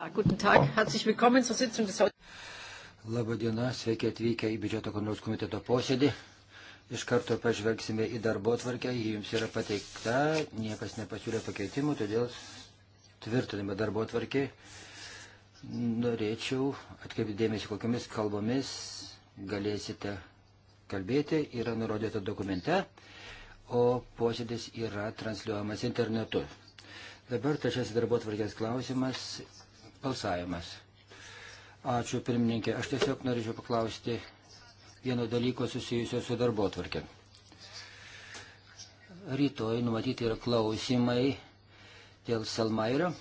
Ah, guten Tag, herzlich willkommen zur Sitzung des Labadiena, sveiki atvykę į biudžeto kontrolės komiteto posėdį. Iš karto pažvelgsime į darbo tvarkę, ji jums yra pateikta, niekas nepasiūlė pakeitimų, todėl tvirtiname darbo tvarkį. Norėčiau atkreipti dėmesį, kokiamis kalbomis galėsite kalbėti, yra nurodyta dokumente, o posėdis yra transliuojamas internetu. Dabar trečiasis darbo tvarkės klausimas balsavimas. Ačiū, pirmininkė. Aš tiesiog norėčiau paklausti vieno dalyko susijusio su darbo tvarkė. Rytoj numatyti yra klausimai dėl Selmairio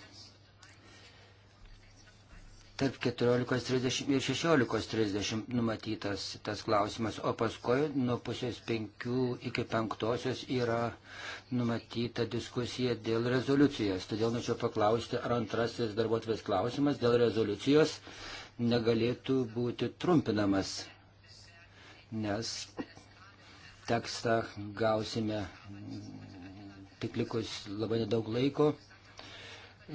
tarp 14.30 ir 16.30 numatytas tas klausimas, o paskui nuo pusės penkių iki penktosios yra numatyta diskusija dėl rezoliucijos. Todėl norėčiau paklausti, ar antrasis darbuotojas klausimas dėl rezoliucijos negalėtų būti trumpinamas, nes tekstą gausime tik likus labai nedaug laiko.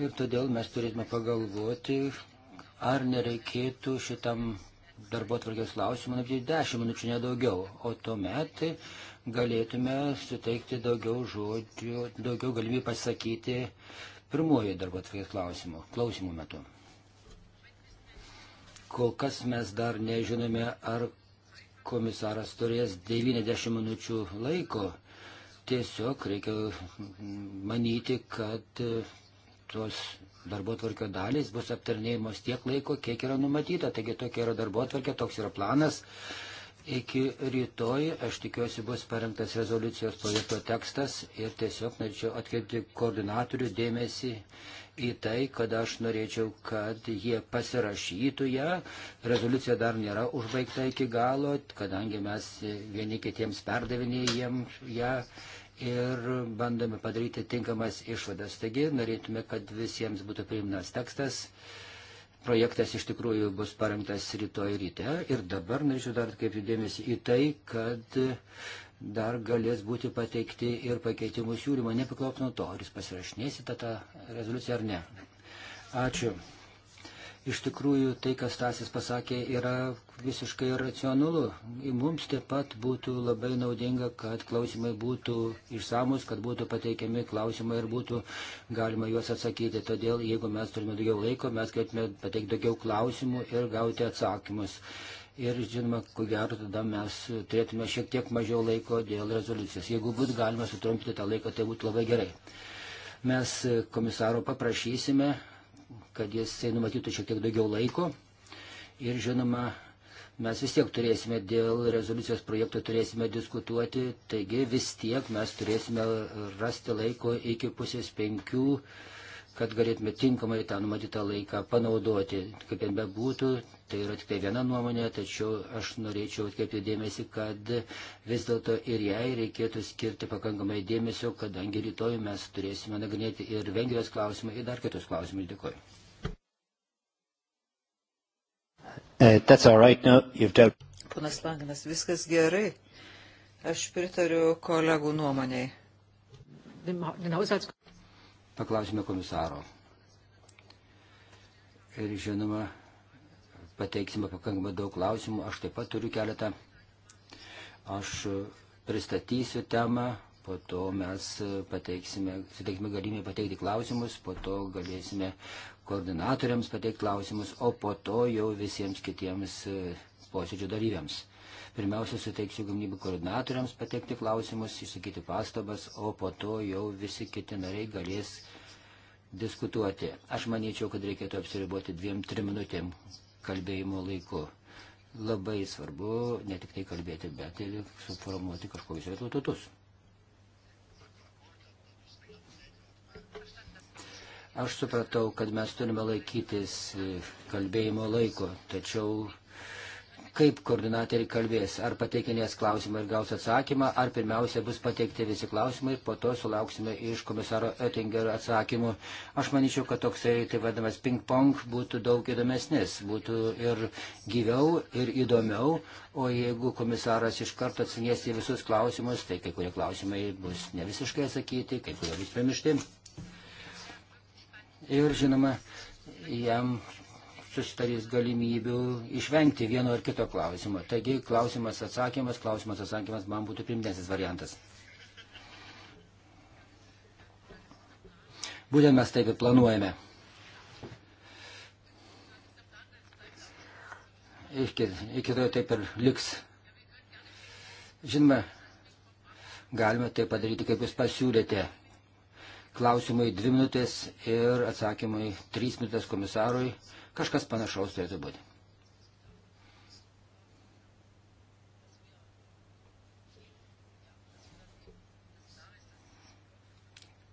Ir todėl mes turėtume pagalvoti, Ar nereikėtų šitam darbo tvarkės klausimui nupti 10 minučių, nedaugiau, o tuomet galėtume suteikti daugiau žodžių, daugiau galimybių pasakyti pirmojo darbo tvarkės klausimų, klausimų metu. Kol kas mes dar nežinome, ar komisaras turės 90 minučių laiko. Tiesiog reikia manyti, kad tos darbo tvarkio dalys bus aptarnėjimos tiek laiko, kiek yra numatyta. Taigi tokia yra darbo tvarkė, toks yra planas. Iki rytoj, aš tikiuosi, bus parengtas rezoliucijos projekto tekstas ir tiesiog norėčiau atkreipti koordinatorių dėmesį į tai, kad aš norėčiau, kad jie pasirašytų ją. Rezoliucija dar nėra užbaigta iki galo, kadangi mes vieni kitiems perdavinėjom ją ir bandome padaryti tinkamas išvadas. Taigi norėtume, kad visiems būtų priimnas tekstas. Projektas iš tikrųjų bus parengtas rytoj ryte ir dabar norėčiau dar atkreipti dėmesį į tai, kad dar galės būti pateikti ir pakeitimų siūlymą, nepriklausomai nuo to, ar jūs pasirašinėsite tą rezoliuciją ar ne. Ačiū. Iš tikrųjų, tai, kas Tasis pasakė, yra visiškai racionalu. Mums taip pat būtų labai naudinga, kad klausimai būtų išsamus, kad būtų pateikiami klausimai ir būtų galima juos atsakyti. Todėl, jeigu mes turime daugiau laiko, mes galėtume pateikti daugiau klausimų ir gauti atsakymus. Ir, žinoma, ko gero, tada mes turėtume šiek tiek mažiau laiko dėl rezoliucijos. Jeigu būtų galima sutrumpinti tą laiką, tai būtų labai gerai. Mes komisaro paprašysime, kad jisai numatytų šiek tiek daugiau laiko. Ir žinoma, mes vis tiek turėsime dėl rezoliucijos projekto turėsime diskutuoti, taigi vis tiek mes turėsime rasti laiko iki pusės penkių, kad galėtume tinkamai tą numatytą laiką panaudoti. Kaip ten bebūtų, tai yra tik tai viena nuomonė, tačiau aš norėčiau atkreipti dėmesį, kad vis dėlto ir jai reikėtų skirti pakankamai dėmesio, kadangi rytoj mes turėsime nagrinėti ir Vengrijos klausimą, ir dar kitus klausimus. Dėkuoju. Uh, that's all right, no, you've dealt. Ponas Langinas, viskas gerai. Aš pritariu kolegų nuomoniai. Paklausime komisaro. Ir žinoma, pateiksime pakankamai daug klausimų. Aš taip pat turiu keletą. Aš pristatysiu temą, po to mes e, pateiksime, suteiksime galimybę pateikti klausimus, po to galėsime koordinatoriams pateikti klausimus, o po to jau visiems kitiems e, posėdžio dalyviams. Pirmiausia, suteiksiu galimybę koordinatoriams pateikti klausimus, išsakyti pastabas, o po to jau visi kiti nariai galės diskutuoti. Aš manyčiau, kad reikėtų apsiriboti dviem, trim minutėm kalbėjimo laiku labai svarbu ne tik tai kalbėti, bet ir suformuoti kažkokius rezultatus. Aš supratau, kad mes turime laikytis e, kalbėjimo laiko, tačiau kaip koordinatoriai kalbės, ar pateikinės klausimą ir gaus atsakymą, ar pirmiausia bus pateikti visi klausimai, po to sulauksime iš komisaro Oettingerio atsakymų. Aš manyčiau, kad toksai, tai vadinamas, ping-pong būtų daug įdomesnis, būtų ir gyviau, ir įdomiau, o jeigu komisaras iš karto atsinės į visus klausimus, tai kai kurie klausimai bus ne visiškai atsakyti, kai kurie bus pamiršti ir žinoma, jam susitarys galimybių išvengti vieno ar kito klausimo. Taigi klausimas atsakymas, klausimas atsakymas man būtų primtesnis variantas. Būtent mes taip ir planuojame. Iki, iki to taip ir liks. Žinoma, galime tai padaryti, kaip jūs pasiūlėte klausimai dvi minutės ir atsakymai trys minutės komisarui. Kažkas panašaus turėtų būti.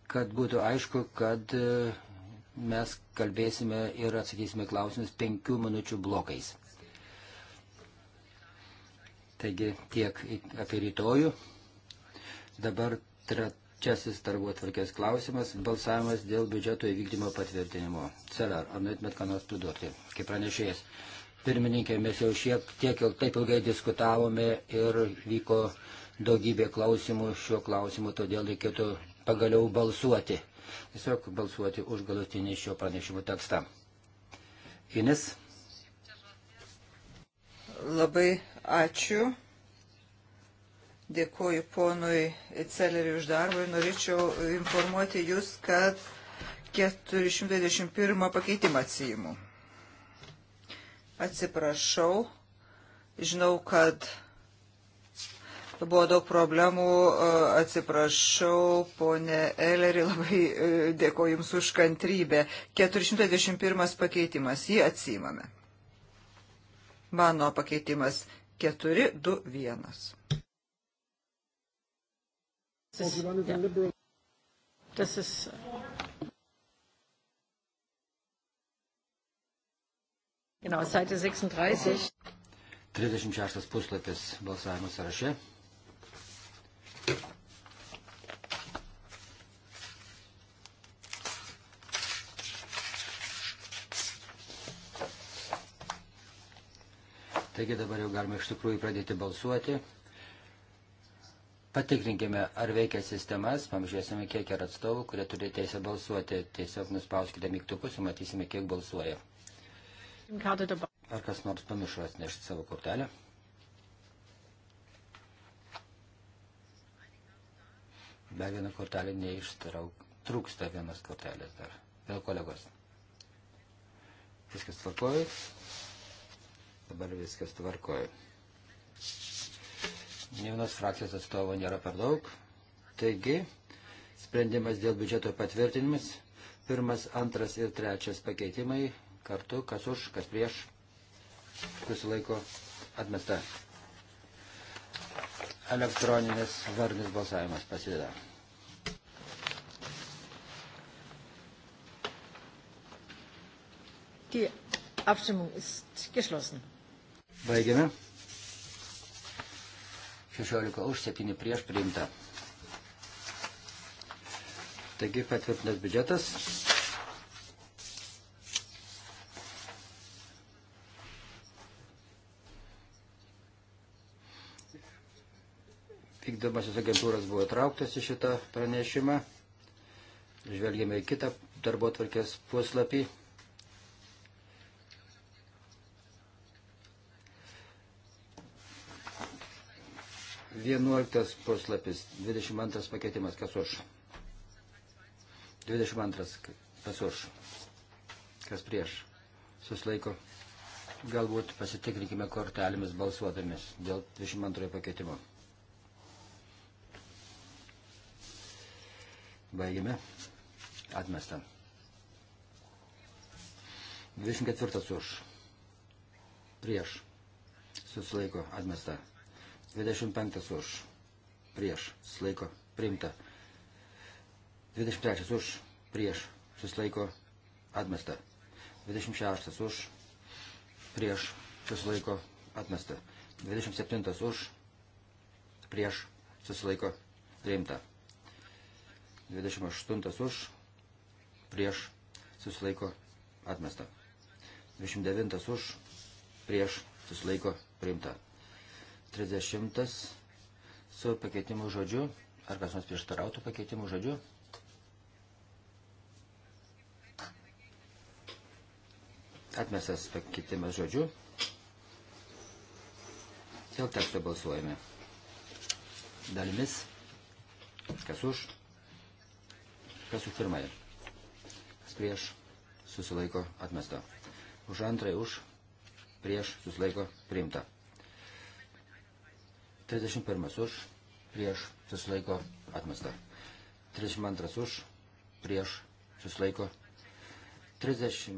Kad būtų aišku, kad e, mes kalbėsime ir atsakysime klausimus penkių minučių blokais. Taigi tiek apie rytojų. Dabar trat Čiasis targotvarkės klausimas, balsavimas dėl biudžeto įvykdymo patvirtinimo. Cerar, ar norėtumėt ką nors priduoti, kaip pranešėjas? Pirmininkė, mes jau šiek tiek ir taip ilgai diskutavome ir vyko daugybė klausimų šiuo klausimu, todėl reikėtų pagaliau balsuoti. Tiesiog balsuoti už galutinį šio pranešimo tekstą. Ines. Labai ačiū. Dėkuoju ponui Celeriui už darbą ir norėčiau informuoti jūs, kad 421 pakeitimą atsijimu. Atsiprašau, žinau, kad buvo daug problemų, atsiprašau, ponė Eleri, labai e, dėkuoju Jums už kantrybę. 421 pakeitimas, jį atsimame. Mano pakeitimas 421. Das, ja. das ist. Äh, genau, Seite 36. 36 puslapis balsavimo sąraše. Taigi dabar jau galima iš tikrųjų pradėti balsuoti. Patikrinkime, ar veikia sistemas, pamažėsime, kiek yra atstovų, kurie turi teisę balsuoti. Tiesiog nuspauskite mygtukus ir matysime, kiek balsuoja. Ar kas nors pamiršo atnešti savo kortelę? Be vieną kortelę neištrauk. Trūksta vienas kortelės dar. Vėl kolegos. Viskas tvarkoja. Dabar viskas tvarkoja. Ne vienos frakcijos atstovo nėra per daug. Taigi, sprendimas dėl biudžeto patvirtinimas. Pirmas, antras ir trečias pakeitimai kartu, kas už, kas prieš, kas laiko atmesta. Elektroninis vardinis balsavimas pasideda. Die Abstimmung ist geschlossen. Baigiame. 16 už, 7 prieš priimta. Taigi patvirtintas biudžetas. Vykdomasis agentūras buvo trauktas į šitą pranešimą. Žvelgėme į kitą darbo tvarkės puslapį. 11 puslapis, 22 pakeitimas, kas už. 22, kas už. Kas prieš. Suslaiko. Galbūt pasitikrinkime kortelėmis balsuodamis dėl 22 pakeitimo. Baigime. Atmesta. 24 už. Prieš. Susilaiko. Atmesta. 25 už, prieš, susilaiko, priimta. 23 už, prieš, susilaiko, atmesta. 26 už, prieš, susilaiko, atmesta. 27 už, prieš, susilaiko, priimta. 28 už, prieš, susilaiko, atmesta. 29 už, prieš, susilaiko, priimta. 30 su pakeitimu žodžiu. Ar kas nors prieštarautų pakeitimu žodžiu? Atmestas pakeitimas žodžiu. Dėl teksto balsuojame. Dalimis. Kas už? Kas už pirmąją? Kas prieš? Susilaiko atmesto. Už antrąją už. Prieš susilaiko priimta. 31 už, prieš susilaiko atmesta. 32 už, prieš susilaiko. 32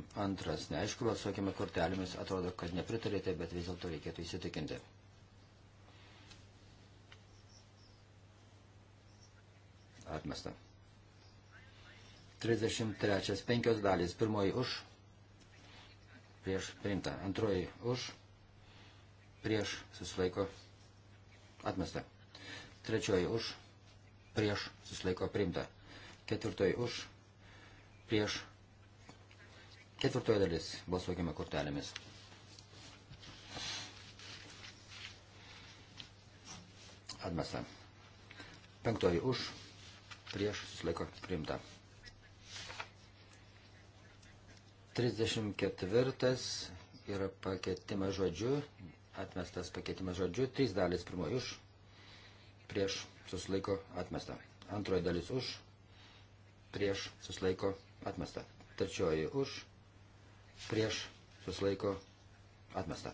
neaišku, balsuokime kortelėmis, atrodo, kad nepritarėte, bet vis dėlto reikėtų įsitikinti. Atmesta. 33, 5 dalys, pirmoji už, prieš priimta, antroji už, prieš susilaiko atmesta atmesta. Trečioji už, prieš, susilaiko priimta. Ketvirtoji už, prieš. Ketvirtoji dalis, balsuokime kortelėmis. Atmesta. Penktoji už, prieš, susilaiko priimta. 34 yra pakeitimas žodžiu, atmestas pakeitimas žodžiu, trys dalis pirmoji už, prieš susilaiko atmesta. Antroji dalis už, prieš susilaiko atmesta. Trečioji už, prieš susilaiko atmesta.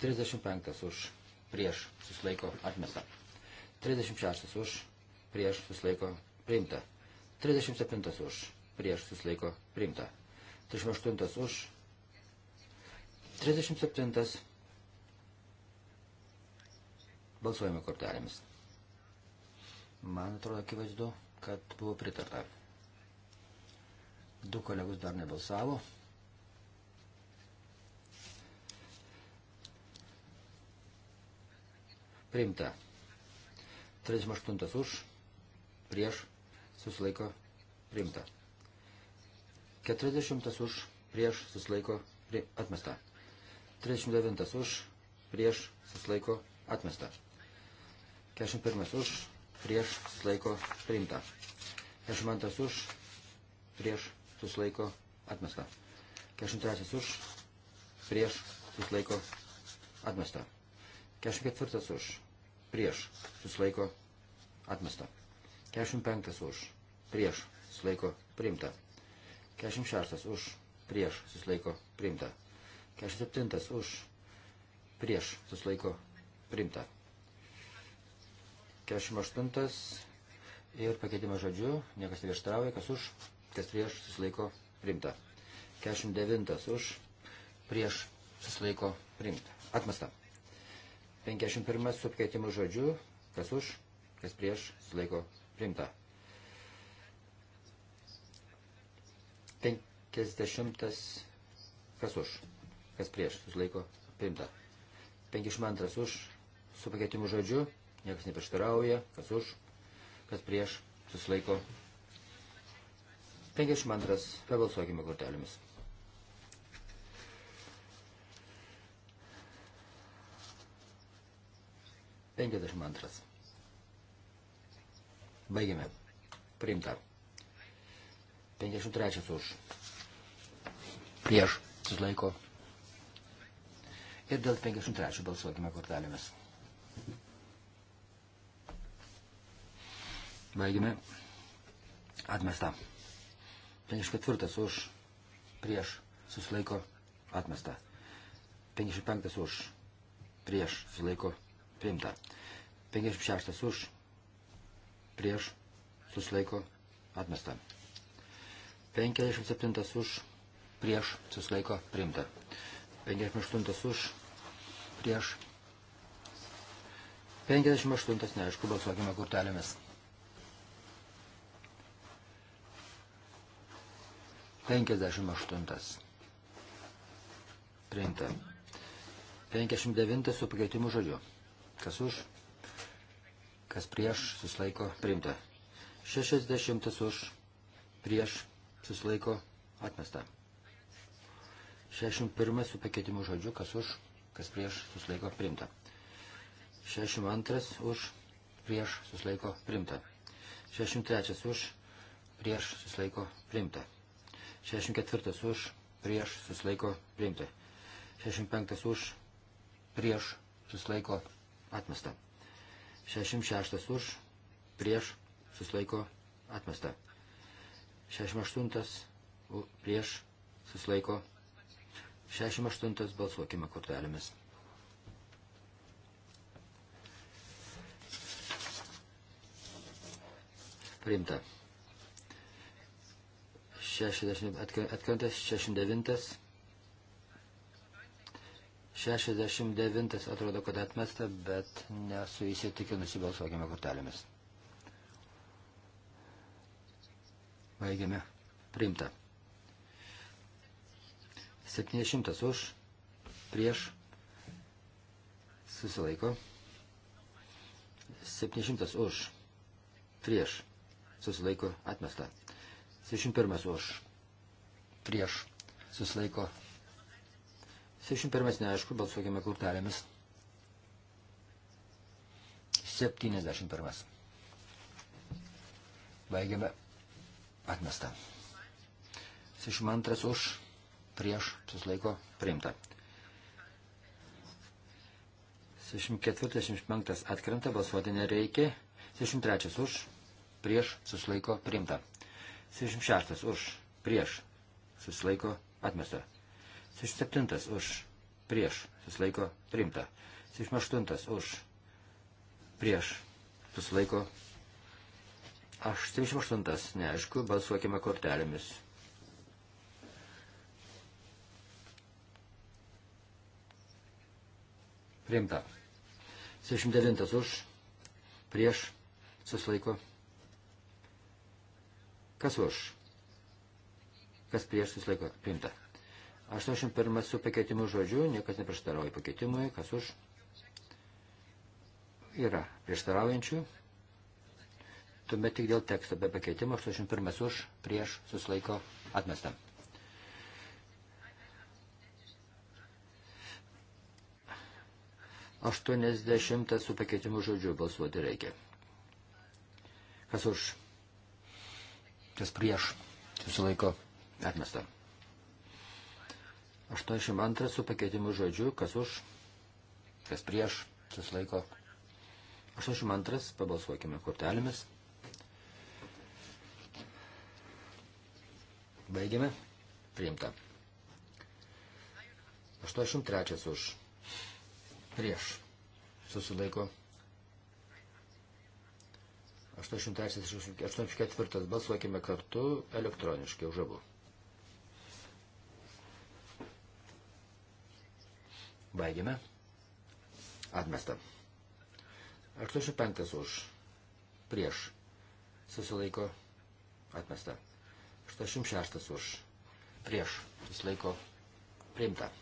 35 už, prieš susilaiko atmesta. 36 už, prieš susilaiko priimta. 37 už, prieš susilaiko priimta. 38 už, 37. Balsuojame kortelėmis. Man atrodo akivaizdu, kad buvo pritarta. Du kolegus dar nebalsavo. Priimta. 38 už, prieš, susilaiko, priimta. 40 už, prieš, susilaiko, pri, atmesta. 39 už, prieš susilaiko atmesta. 41 už, prieš susilaiko priimta. 42 už, prieš susilaiko atmesta. 43 už, prieš susilaiko atmesta. 44 už, prieš susilaiko atmesta. 45 už, prieš susilaiko priimta. 46 už, prieš susilaiko priimta. 47 už prieš susilaiko primta. 48 ir pakeitimas žodžiu, niekas neprieštarauja, kas už, kas prieš susilaiko primta. 49 už prieš susilaiko primta. Atmesta. 51 su pakeitimu žodžiu, kas už, kas prieš susilaiko primta. 50 kas už kas prieš, susilaiko priimta. 52 už, su pakeitimu žodžiu, niekas neprieštarauja, kas už, kas prieš, susilaiko. 52, pabalsuokime kortelėmis. Penkiasdešimt antras. Baigiame. Priimta. 53 už. Prieš. Susilaiko ir dėl 53 balsuokime kortelėmis. Baigime. Atmesta. 54 už prieš susilaiko atmesta. 55 už prieš susilaiko priimta. 56 už prieš susilaiko atmesta. 57 už prieš susilaiko priimta. 58 už, prieš. 58 neaišku, balsuokime kortelėmis. 58. Priimta. 59 su pakeitimu žodžiu. Kas už, kas prieš, susilaiko, priimta. 60 už, prieš, susilaiko, atmesta. 61 su pakeitimu žodžiu, kas už, kas prieš, suslaiko primta. 62 už, prieš, suslaiko primta. 63 už, prieš, suslaiko primta. 64 už, prieš, suslaiko primta. 65 už, prieš, suslaiko atmesta. 66 už, prieš, suslaiko atmesta. 68 prieš, suslaiko atmesta. 68 balsuokime kortelėmis. Priimta. 60, atkrentęs 69. 69 atrodo, kad atmesta, bet nesu įsitikinusi balsuokime kortelėmis. Baigiame. Priimta. 700 už, prieš, susilaiko. 700 už, prieš, susilaiko, atmesta. 701 už, prieš, susilaiko. 701 neaišku, balsuokime kortelėmis. 71. Baigiame atmestą. 72 už prieš susilaiko priimta. 64-65 atkrenta, balsuoti nereikia. 63 už, prieš susilaiko priimta. 66 už, prieš susilaiko atmesta. 67 už, prieš susilaiko priimta. 78 už, prieš susilaiko. Aš 78, neaišku, balsuokime kortelėmis. Priimta. 69 už, prieš, susilaiko. Kas už? Kas prieš, susilaiko. Priimta. 81 su pakeitimu žodžiu, niekas neprieštarauja pakeitimui, kas už. Yra prieštaraujančių. Tuomet tik dėl teksto be pakeitimo 81 už, prieš, susilaiko, atmestam. 80 su pakeitimu žodžiu balsuoti reikia. Kas už? Kas prieš? Susilaiko. Atmesta. 82 su pakeitimu žodžiu. Kas už? Kas prieš? Susilaiko. 82. Pabalsuokime kortelėmis. Baigiame. Priimta. 83 už prieš susilaiko. 84 balsuokime kartu elektroniškai už abu. Baigiame. Atmesta. 85 už. Prieš. Susilaiko. Atmesta. 86 už. Prieš. Susilaiko. Priimta.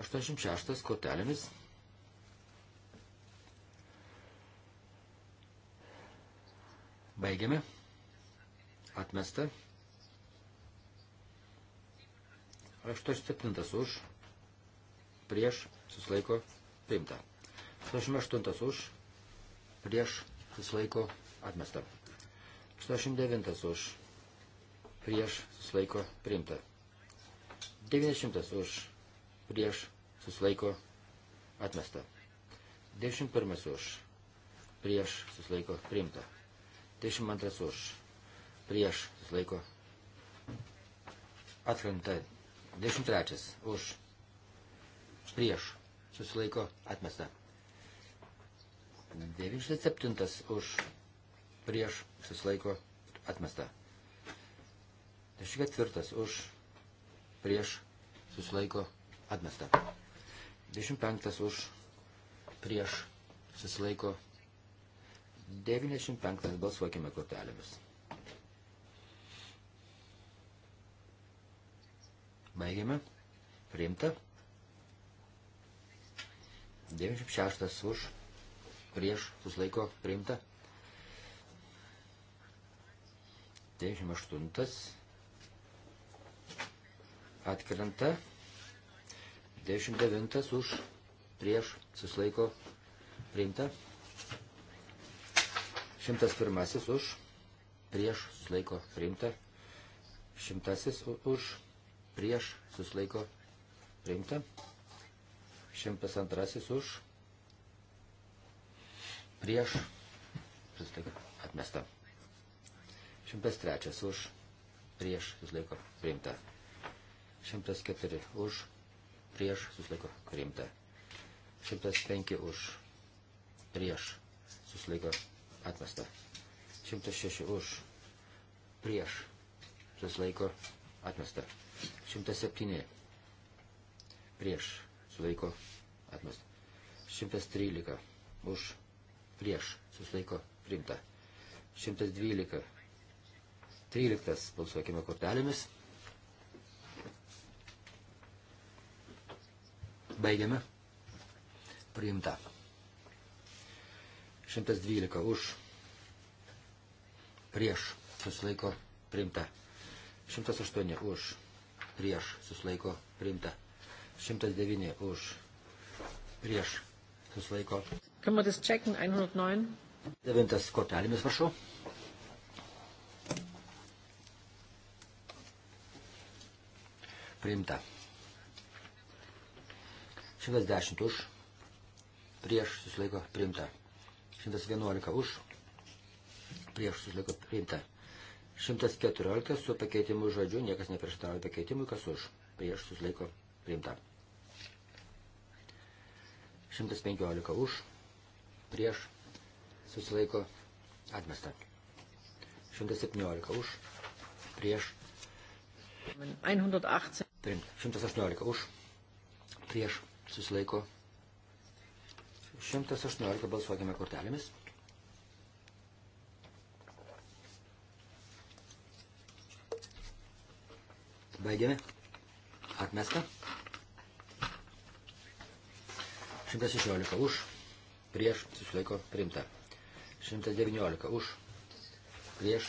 86 kortelėmis. Baigiame. Atmesta. 87 už. Prieš. Suslaiko. Priimta. 88 už. Prieš. Suslaiko. Atmesta. 89 už. Prieš. Suslaiko. Priimta. 90 už prieš susilaiko atmesta. 91 už prieš susilaiko priimta. 92 už prieš susilaiko atkrenta. 23 už prieš susilaiko atmesta. 97 už prieš susilaiko atmesta. 24 už prieš susilaiko atmesta. Atmesta. 25 už prieš susilaiko. 95 balsuokime kortelėmis. Baigiame. Priimta. 96 už prieš susilaiko priimta. 98 atkrenta. 99 už prieš susilaiko priimta. 101 už prieš susilaiko priimta. 100 už prieš susilaiko priimta. 102 už prieš susilaiko atmesta. 103 už prieš susilaiko priimta. 104 už prieš prieš susilaiko priimta. 105 už prieš susilaiko atmesta. 106 už prieš susilaiko atmesta. 107 prieš susilaiko atmesta. 113 už prieš susilaiko priimta. 112 13 balsuokime kortelėmis. Baigiame. Priimta. 112 už. Prieš. Susilaiko. Priimta. 108 už. Prieš. Susilaiko. Priimta. 109 už. Prieš. Susilaiko. Können wir das checken? 109. Devintas kortelėmis, prašau. Priimta. 110 už, prieš susilaiko priimta. 111 už, prieš susilaiko priimta. 114 su pakeitimu žodžiu, niekas neprieštarauja pakeitimui, kas už, prieš susilaiko priimta. 115 už, prieš susilaiko atmesta. 117 už, prieš. 118. Priimta. 118 už, prieš susilaiko. 118 balsuokime kortelėmis. Baigiame. Atmesta. 116 už. Prieš susilaiko priimta. 119 už. Prieš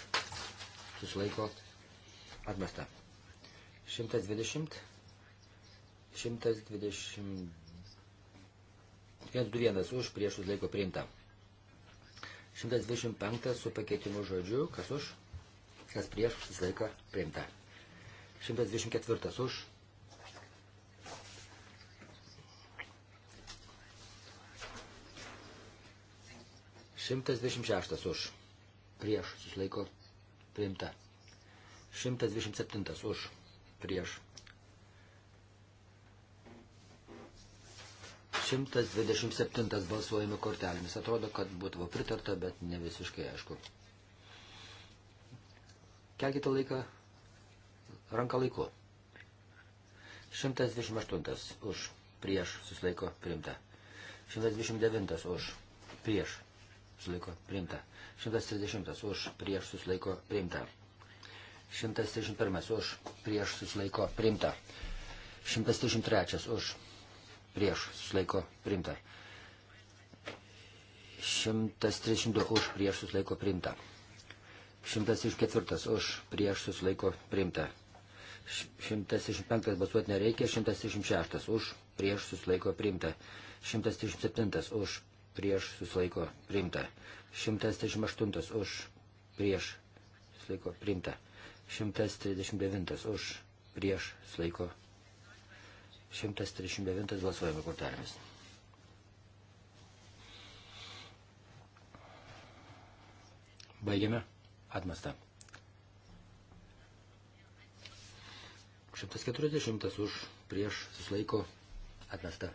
susilaiko atmesta. 120 120. 121 už prieš laiko priimta. 125 su pakeitimu žodžiu, kas už, kas prieš laiko priimta. 124 už. Šimtas dvidešimt šeštas už. Prieš susilaiko priimta. Šimtas dvidešimt septintas už. Prieš 127 balsuojame kortelėmis. Atrodo, kad būtų pritarta, bet ne visiškai aišku. Kelkite laiką, ranką laiku. 128 už, prieš, susilaiko, priimta. 129 už, prieš, susilaiko, priimta. 130 už, prieš, susilaiko, priimta. 131 už, prieš, susilaiko, priimta. 133 už, prieš susilaiko primta. 132 už prieš susilaiko primta. 104 už prieš susilaiko primta. 165 balsuoti nereikia, 166 už prieš susilaiko primta. 137 už prieš susilaiko primta. 138 už prieš susilaiko primta. 139 už prieš susilaiko primta. 139 balsuojame kortelėmis. Baigiame. Atmesta. 140 už prieš susilaiko atmesta.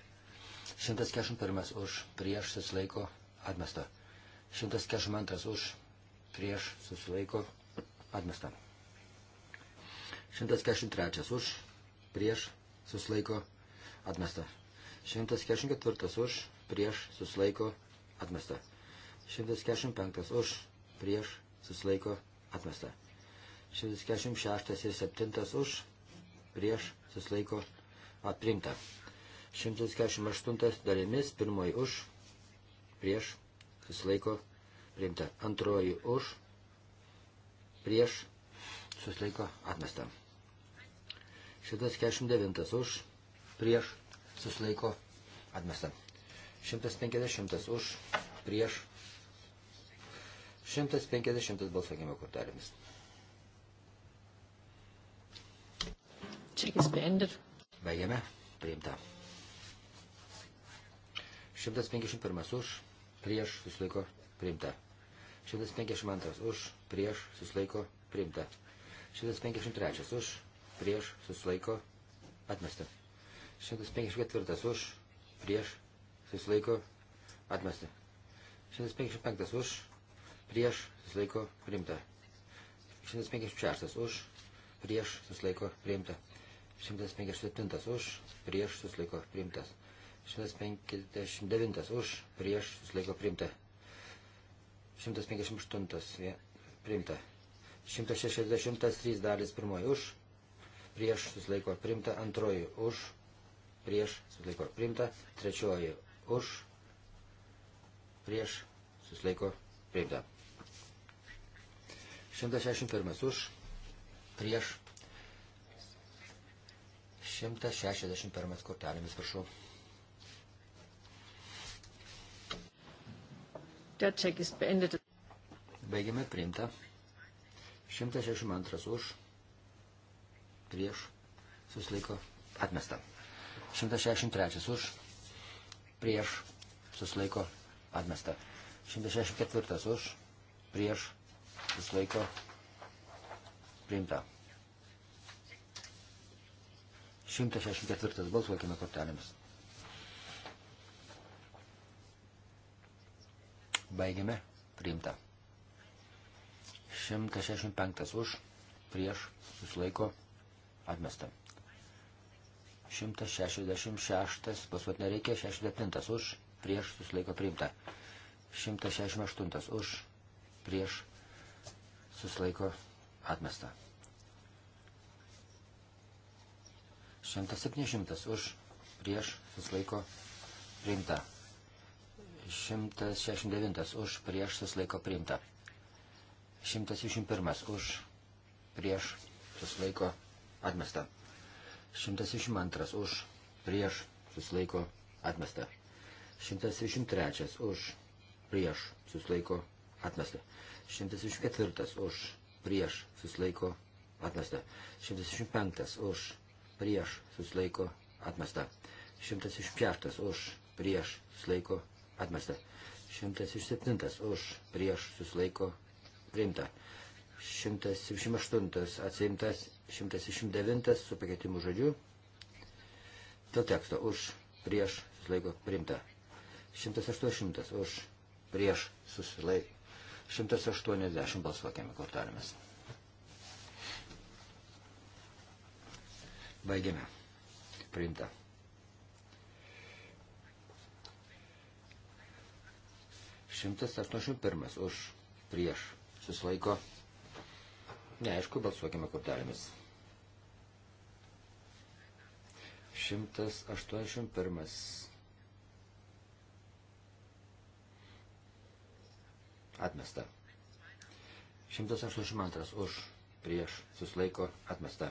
141 už prieš susilaiko atmesta. 142 už prieš susilaiko atmesta. 143 už prieš suslaiko atmesta. 144 už, prieš suslaiko atmesta. 145 už, prieš suslaiko atmesta. 146 ir 7 už, prieš suslaiko atprimta. 148 dalimis, pirmoji už, prieš suslaiko priimta. Antroji už, prieš suslaiko atmesta. 149 už, prieš, susilaiko, atmesta. 150 už, prieš, 150 balsuokime kortelėmis. Čekis beendet. Baigiame, priimta. 151 už, prieš, susilaiko, priimta. 152 už, prieš, susilaiko, priimta. 153 už, prieš susilaiko atmesta. 154 už prieš susilaiko atmesta. 155 už prieš susilaiko priimta. 156 už prieš susilaiko priimta. 157 už prieš susilaiko priimtas. 159 už prieš susilaiko priimta. 158 priimta. 163 dalis pirmoji už prieš susilaiko primta, antroji už, prieš susilaiko primta, trečioji už, prieš susilaiko primta. 161 už, prieš 161 kortelėmis, prašau. Der Check ist beendet. Baigiame priimta. 162 už prieš, susilaiko atmesta. 163 už, prieš, susilaiko atmesta. 164 už, prieš, susilaiko priimta. 164 balsuokime kortelėmis. Baigiame. Priimta. 165 už, prieš, susilaiko, atmesta. 166, pasuot nereikia, 67 už, prieš susilaiko priimta. 168 už, prieš susilaiko atmesta. 170 už, prieš susilaiko priimta. 169 už, prieš susilaiko priimta. 121 už, prieš susilaiko priimta atmesta. 122 už, prieš, susilaiko, atmesta. 123 už, prieš, susilaiko, atmesta. 124 už, prieš, susilaiko, atmesta. 125 už, prieš, susilaiko, atmesta. 106 už, prieš, susilaiko, atmesta. 107 už, prieš, susilaiko, priimta. 178 atsiimtas 169 su pakeitimu žodžiu. Dėl teksto už prieš susilaiko primta. 180 už prieš susilaiko. 180 balsuokėme kortelėmis. Baigėme. Priimta. Šimtas aštuoniasdešimt pirmas už prieš susilaiko Neaišku, balsuokime kortelėmis. 181. Atmesta. 182 už prieš susilaiko atmesta.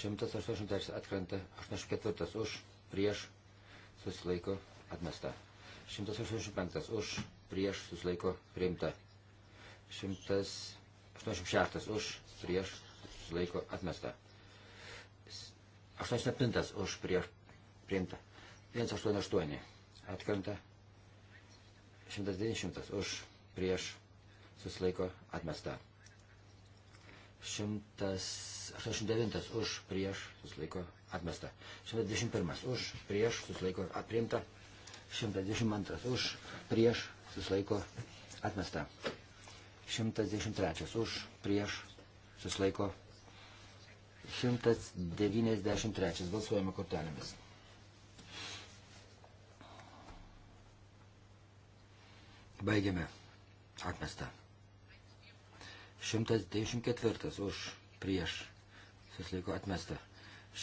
183 atkrenta. 84 už prieš susilaiko atmesta. 185 už prieš susilaiko priimta. 100 86 už, prieš, susilaiko, atmesta. 87 už, prieš, priimta. 188 atkrenta. 190 už, prieš, susilaiko, atmesta. 189 už, prieš, susilaiko, atmesta. 121 už, prieš, susilaiko, atprimta. 122 už, prieš, susilaiko, atmesta. 113 už, prieš, susilaiko. 193 balsuojame kortelėmis. Baigiame. Atmesta. 124 už, prieš, susilaiko atmesta.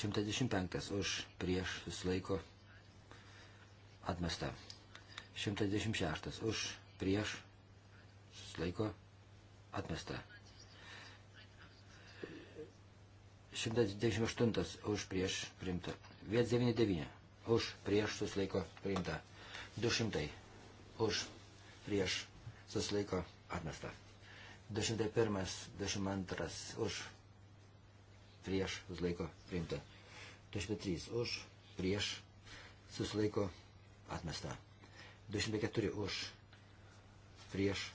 115 už, prieš, susilaiko atmesta. 126 už, prieš, susilaiko atmesta atmesta. 198 už prieš priimta. 199 už prieš susilaiko priimta. 200 už prieš susilaiko atmesta. 201, 202 už prieš susilaiko priimta. 203 už prieš susilaiko atmesta. 204 už prieš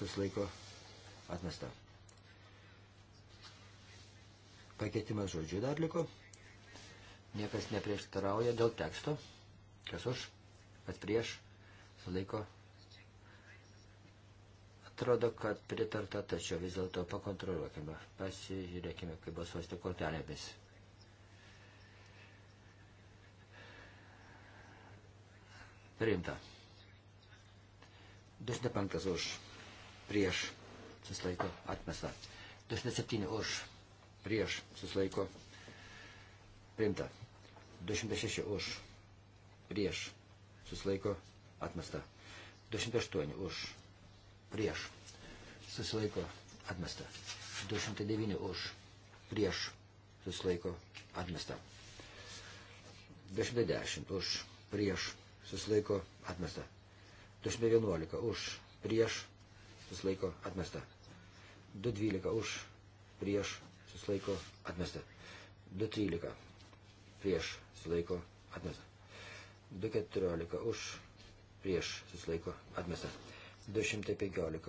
susilaiko atmesta. Atmesta. Pakeitimas žodžiu dar liko. Niekas neprieštarauja dėl teksto. Kas už, kas prieš, sulaiko. Atrodo, kad pritarta, tačiau vis dėlto pakontroliuokime. Pasižiūrėkime, kaip balsuosite kortelėmis. Priimta. 205 už prieš susilaiko atmesta. 207 už, prieš susilaiko priimta. 206 už, prieš susilaiko atmesta. 208 už, prieš susilaiko atmesta. 209 už, prieš susilaiko atmesta. 210 už, prieš susilaiko atmesta. 211 už, prieš susilaiko atmesta. 2.12 už prieš susilaiko atmesta. 2.13 prieš susilaiko atmesta. 2.14 už prieš susilaiko atmesta. 215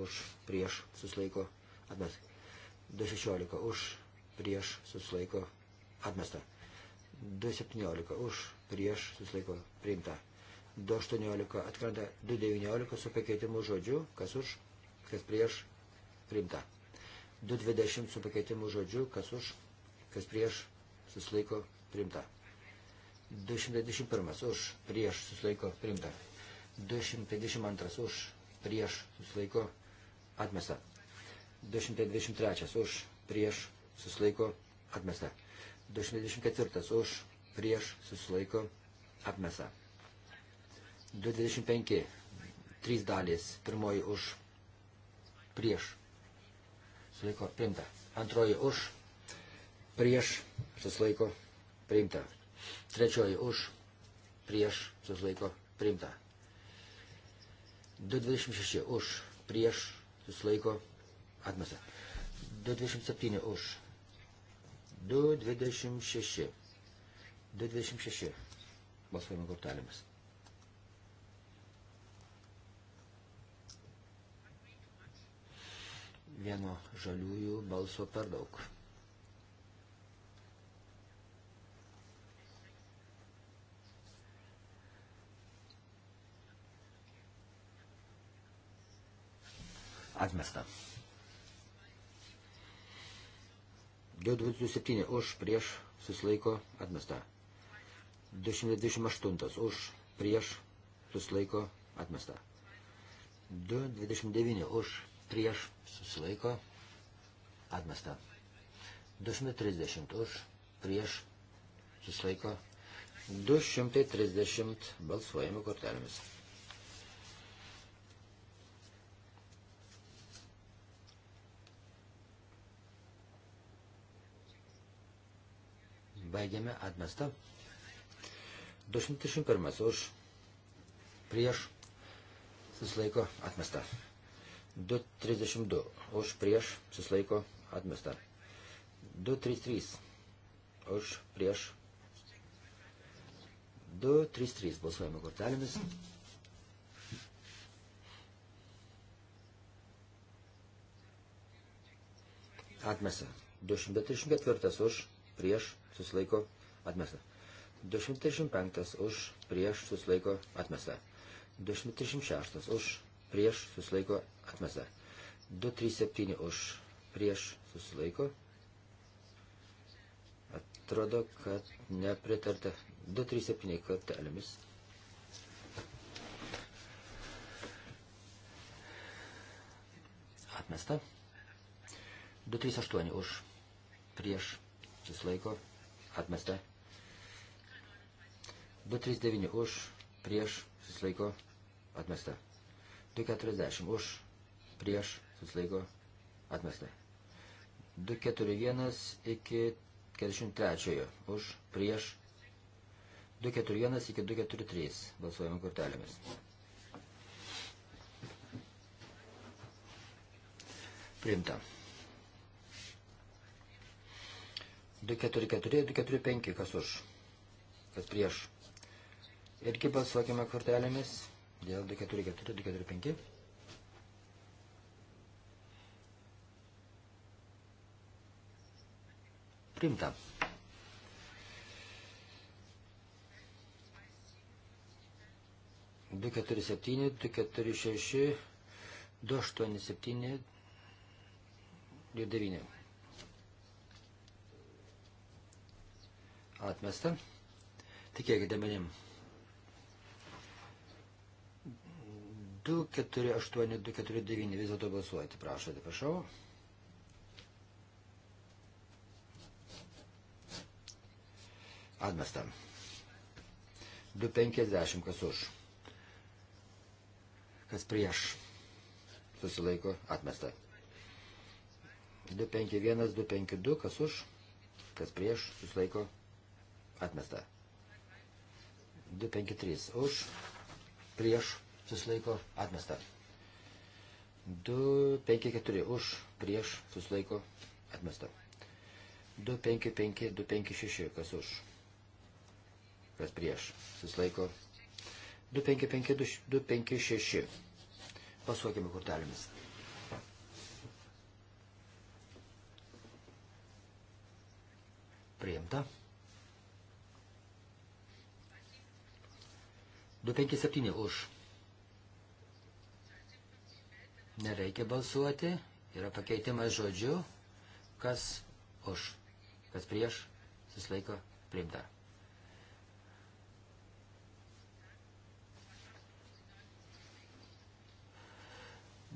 už prieš susilaiko atmesta. 216 už prieš susilaiko atmesta. 2.17 už, prieš, susilaiko priimta. 2.18 atkrenta 2.19 su pakeitimu žodžiu, kas už, kas prieš, priimta. 2.20 su pakeitimu žodžiu, kas už, kas prieš, susilaiko priimta. 221 už, prieš, susilaiko priimta. 252 už, prieš, susilaiko atmesta. 223 už, prieš, susilaiko atmesta. 224 už, prieš, susilaiko atmesta. 225, trys dalys, pirmoji už, prieš, susilaiko pinta. Antroji už, prieš, susilaiko priimta. Trečioji už, prieš, susilaiko priimta. 226 už, prieš, susilaiko atmesta. 227 už. 226. 226. Balsuojame kortelėmis. vieno žaliųjų balso per daug. Atmesta. 227 už prieš susilaiko atmesta. 228 už prieš susilaiko atmesta. 229 už prieš susilaiko atmesta. 230 už prieš susilaiko 230 balsuojami kortelėmis. Baigiame atmestą. 231 už prieš susilaiko atmestą. 232 už prieš susilaiko atmesta. 233 už prieš. 233 balsuojame kortelėmis. Atmesta. 234 už prieš susilaiko atmesta. 235 už prieš susilaiko atmesta. 236 už prieš susilaiko atmesta. 237 už prieš susilaiko. Atrodo, kad nepritarta 237 kortelėmis. Atmesta. 238 už prieš susilaiko. Atmesta. 239 už prieš susilaiko. Atmesta. 240 už prieš susilaiko atmesta. 241 iki 43 už prieš 241 iki 243 balsuojame kortelėmis. Priimta. 244, 245, kas už, kas prieš. Irgi balsuokime kortelėmis dėl 244, 245. Primta. Du keturi septyni, du keturi šeši, du aštuoni septyni, du devyni. Atmesta. Tikėkite manim. 248, 249 vis dėlto balsuoti, prašote, prašau. Atmesta. 250 kas už. Kas prieš. Susilaiko. Atmesta. 251, 252 kas už. Kas prieš. Susilaiko. Atmesta. 253 už. Prieš. Susilaiko. Atmesta. 254 už. Prieš. Susilaiko. Atmesta. 255, 256 kas už kas prieš, susilaiko. 255, 256. Pasuokime kortelėmis. Priimta. 257 už. Nereikia balsuoti. Yra pakeitimas žodžiu. Kas už. Kas prieš. Susilaiko. Priimta.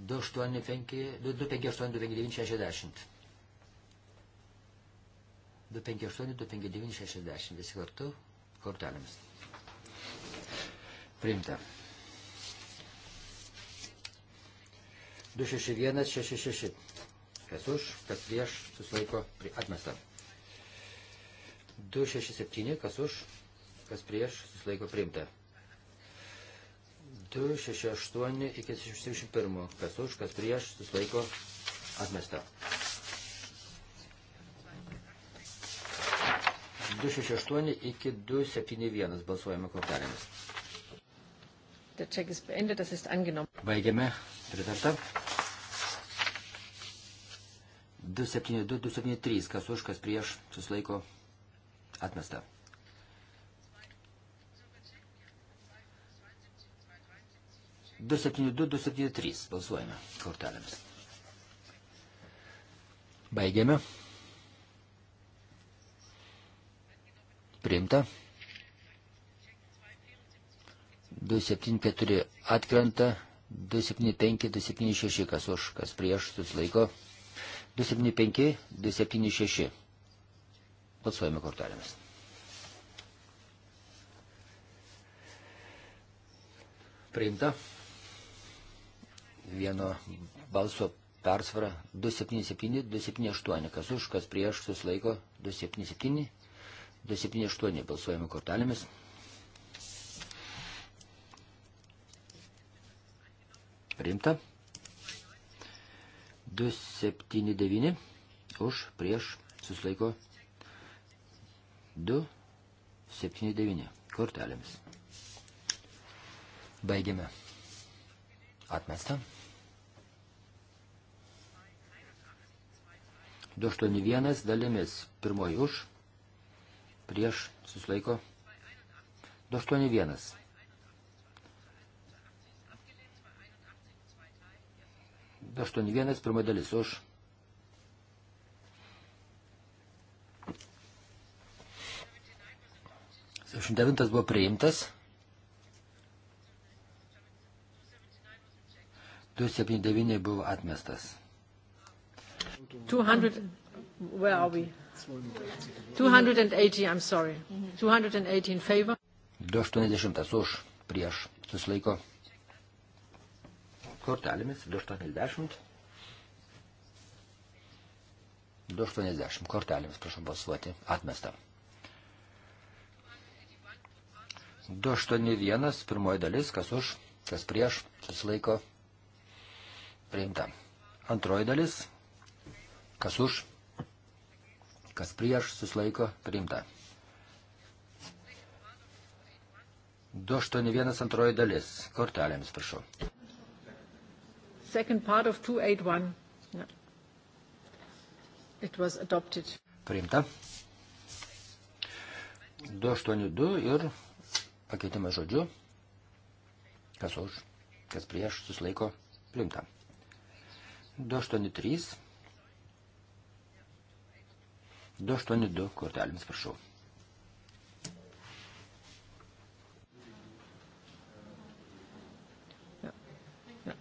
258-259-60. 258-259-60. Visi kartu kortelėmis. Priimta. 261-666. Kas už, kas prieš, susilaiko atmesta. 267, kas už, kas prieš, susilaiko priimta. 268-666. 2, 6, 8 iki 61. Kas už, kas prieš, susilaiko atmesta. 268 iki 271 balsuojame kortelėmis. Baigiame. Pritarta. 272, 273. Kas už, kas prieš, susilaiko atmesta. 272-273. Balsuojame kortelėmis. Baigiame. Priimta. 274 atkrenta. 275, 276, kas už, kas prieš, susilaiko. 275, 276. Balsuojame kortelėmis. Priimta vieno balso persvara 277, 278, kas už, kas prieš susilaiko 277, 278 balsuojame kortelėmis. Priimta. 279 už, prieš susilaiko 279 kortelėmis. Baigiame. Atmesta. 281 dalimis. Pirmoji už, prieš, susilaiko. 281. Du aštuoni vienas, pirma dalis už. Septyniasdešimt devintas buvo priimtas. 279 buvo atmestas. 200, where are we? 280, I'm sorry. 280 in favor. 280 už, prieš, susilaiko. Kortelėmis 280. 280 kortelėmis, prašau balsuoti, atmesta. 281, pirmoji dalis, kas už, kas prieš, susilaiko, priimta. Antroji dalis, Kas už, kas prieš, susilaiko priimta. 281 antroji dalis. Kortelėmis prašau. Second part of 281. No. It was adopted. Priimta. 282 ir pakeitimas žodžiu. Kas už, kas prieš, susilaiko, priimta. 283 282 kortelėmis, prašau. Ja. Ja.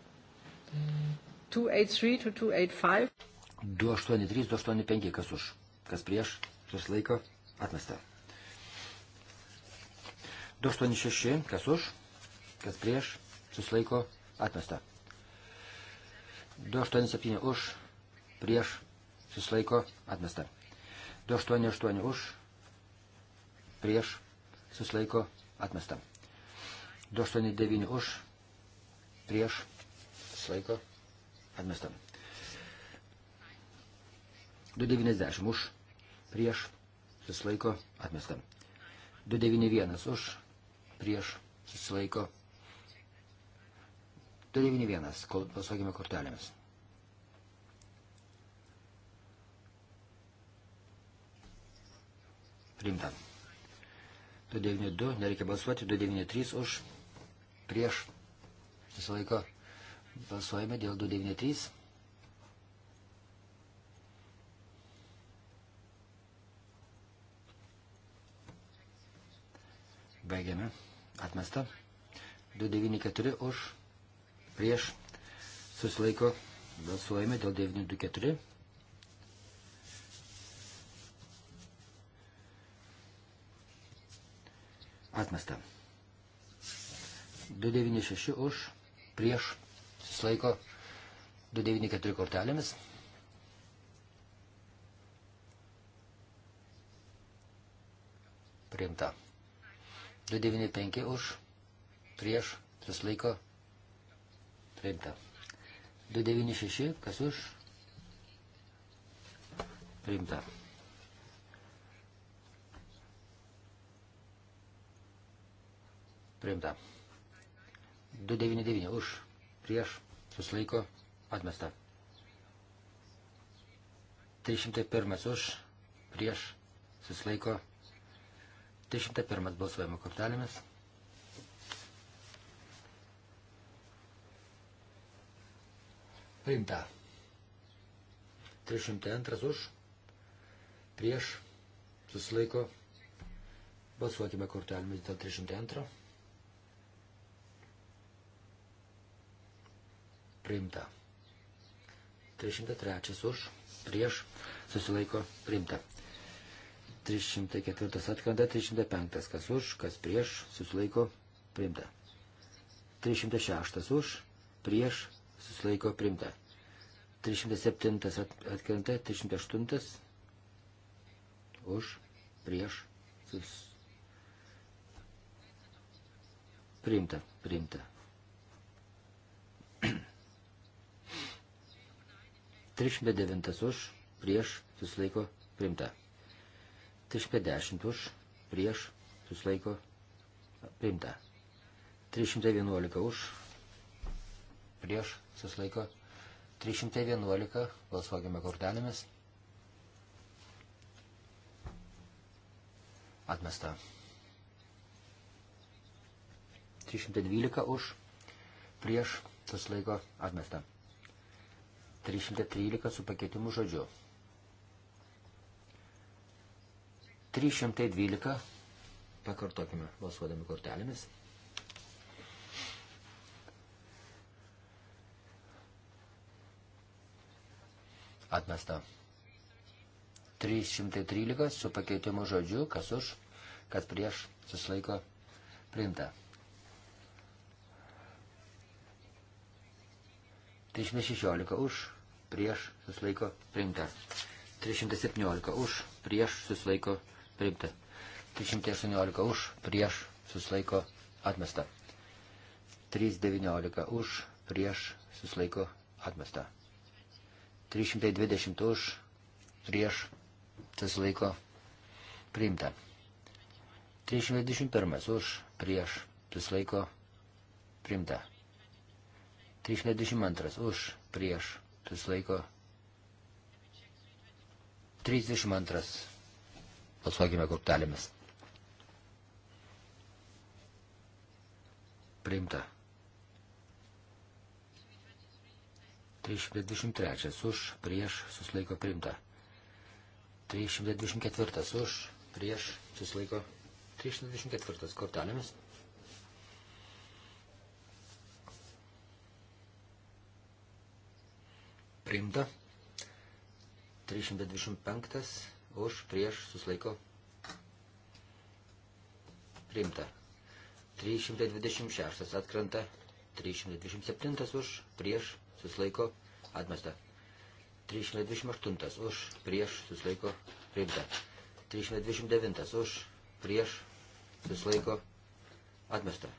283 to 285. 283, 285, kas už, kas prieš, prieš laiko, atmesta. 286, kas už, kas prieš, susilaiko, atmesta. 287 už, prieš, susilaiko, atmesta. 288 už, prieš, susilaiko, atmesta. 289 už, prieš, susilaiko, atmesta. 290 už, prieš, susilaiko, atmesta. 291 už, prieš, susilaiko, atmesta. 291, kol pasakėme kortelėmis. primta. 292, nereikia balsuoti, 293 už, prieš, visą laiką balsuojame dėl 293. Baigiame. Atmesta. 294 už prieš susilaiko balsuojame dėl 924. Atmesta. 296 už, prieš, susilaiko 294 kortelėmis. Priimta. 295 už, prieš, susilaiko priimta. 296, kas už, priimta. priimta. 299 už, prieš, susilaiko, atmesta. 301 už, prieš, susilaiko, 301 balsuojama kortelėmis. Priimta. 302 už, prieš, susilaiko, balsuokime kortelėmis dėl 302. priimta. 303 už, prieš, susilaiko, priimta. 304 atkrenta, 305 kas už, kas prieš, susilaiko, priimta. 306 už, prieš, susilaiko, priimta. 307 atkrenta, 308 už, prieš, sus... priimta, priimta. 309 už, prieš, susilaiko, priimta. 310 už, prieš, susilaiko, priimta. 311 už, prieš, susilaiko, 311, balsuokime kortelėmis. Atmesta. 312 už, prieš, susilaiko, atmesta. 313 su pakeitimu žodžiu. 312 pakartokime balsuodami kortelėmis. Atmesta. 313 su pakeitimu žodžiu, kas už, kas prieš, susilaiko priimta. 316 už, prieš susilaiko priimta. 317 už, prieš susilaiko priimta. 318 už, prieš susilaiko atmesta. 319 už, prieš susilaiko atmesta. 320 už, prieš susilaiko priimta. 321 už, prieš susilaiko priimta. 322 už, prieš susilaiko. 32. Balsuokime gruptelėmis. Priimta. 323 už, prieš, susilaiko priimta. 324 už, prieš, susilaiko. 324 kortelėmis. 324. priimta. 325 už prieš susilaiko priimta. 326 atkrenta. 327 už prieš susilaiko atmesta. 328 už prieš susilaiko priimta. 329 už prieš susilaiko atmesta.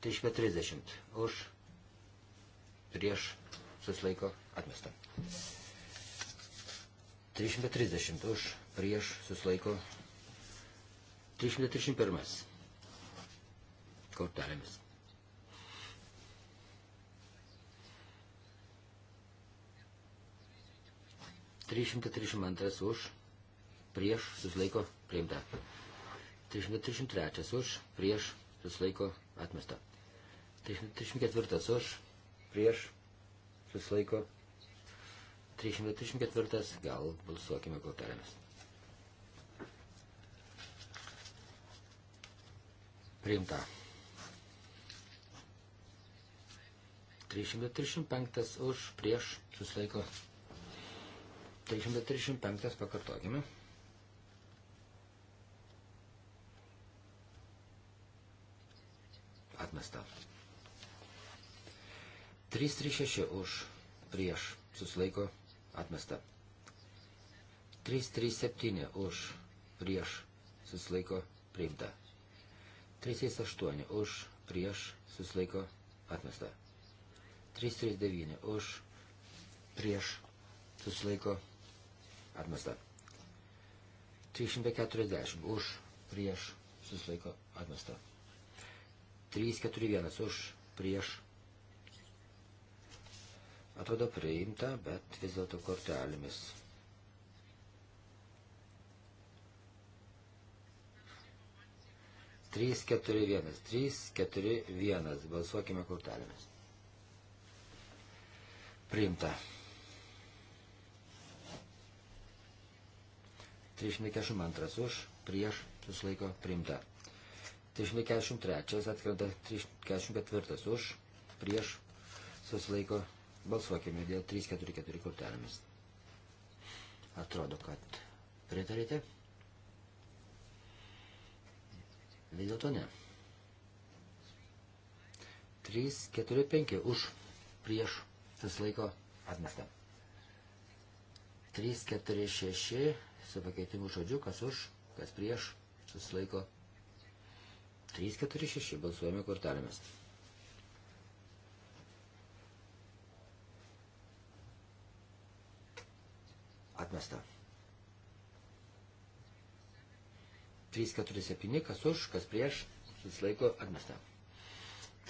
330 už prieš susilaiko atmesta. 330 už, prieš, susilaiko. 331 kortelėmis. Trys šimtai trisdešimt antras už, prieš, susilaiko, priimta. 333 už, prieš, susilaiko, atmesta. 334 už, prieš, susilaiko. 334 gal balsuokime kortelėmis. Priimta. 335 už prieš susilaiko. 335 pakartokime. Atmesta. 336 už prieš susilaiko atmesta. 337 už prieš susilaiko priimta. 338 už prieš susilaiko atmesta. 339 už prieš susilaiko atmesta. 340 už prieš susilaiko atmesta. 341 už prieš Atrodo priimta, bet vis dėlto kortelėmis. Trys, keturi, vienas. Trys, keturi, vienas. Balsuokime kortelėmis. Priimta. 342 už, prieš, susilaiko, priimta. 343 atkrenta, 344 už, prieš, susilaiko, priimta. Balsuokime dėl 344 kortelėmis. Atrodo, kad pritarėte. Vis dėlto ne. 3, 4, 5 už prieš susilaiko atmesta. 3, 4, 6 su pakeitimu žodžiu, kas už, kas prieš susilaiko. 3, 4, 6 balsuojame kortelėmis. 3, 4, 6. atmesta. 347, kas už, kas prieš, susilaiko atmesta.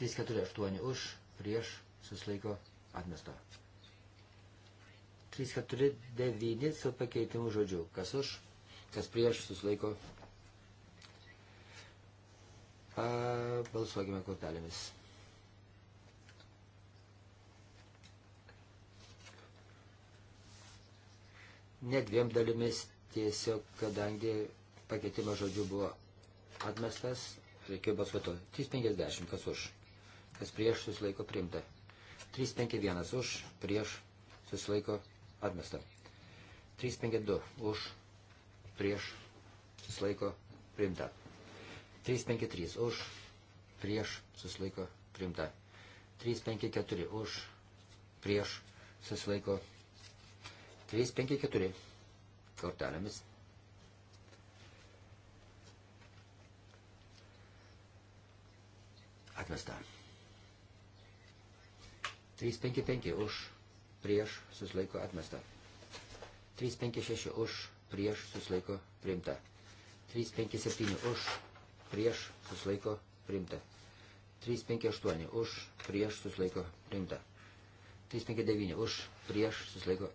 348 už, prieš, susilaiko atmesta. 349 su pakeitimu žodžiu, kas už, kas prieš, susilaiko. Balsuokime kortelėmis. ne dviem dalimis, tiesiog kadangi pakeitimas žodžių buvo atmestas, reikėjo balsuoti. 350, kas už, kas prieš susilaiko priimta. 351 už, prieš susilaiko atmesta. 352 už, prieš susilaiko priimta. 353 už, prieš susilaiko priimta. 354 už, prieš susilaiko priimta. 3, 5, 4 kortelėmis. Atmesta. 355 už, prieš, susilaiko, atmesta. 356 už, prieš, susilaiko, priimta. 357 už, prieš, susilaiko, priimta. 358 už, prieš, susilaiko, priimta. 359 už, prieš, susilaiko,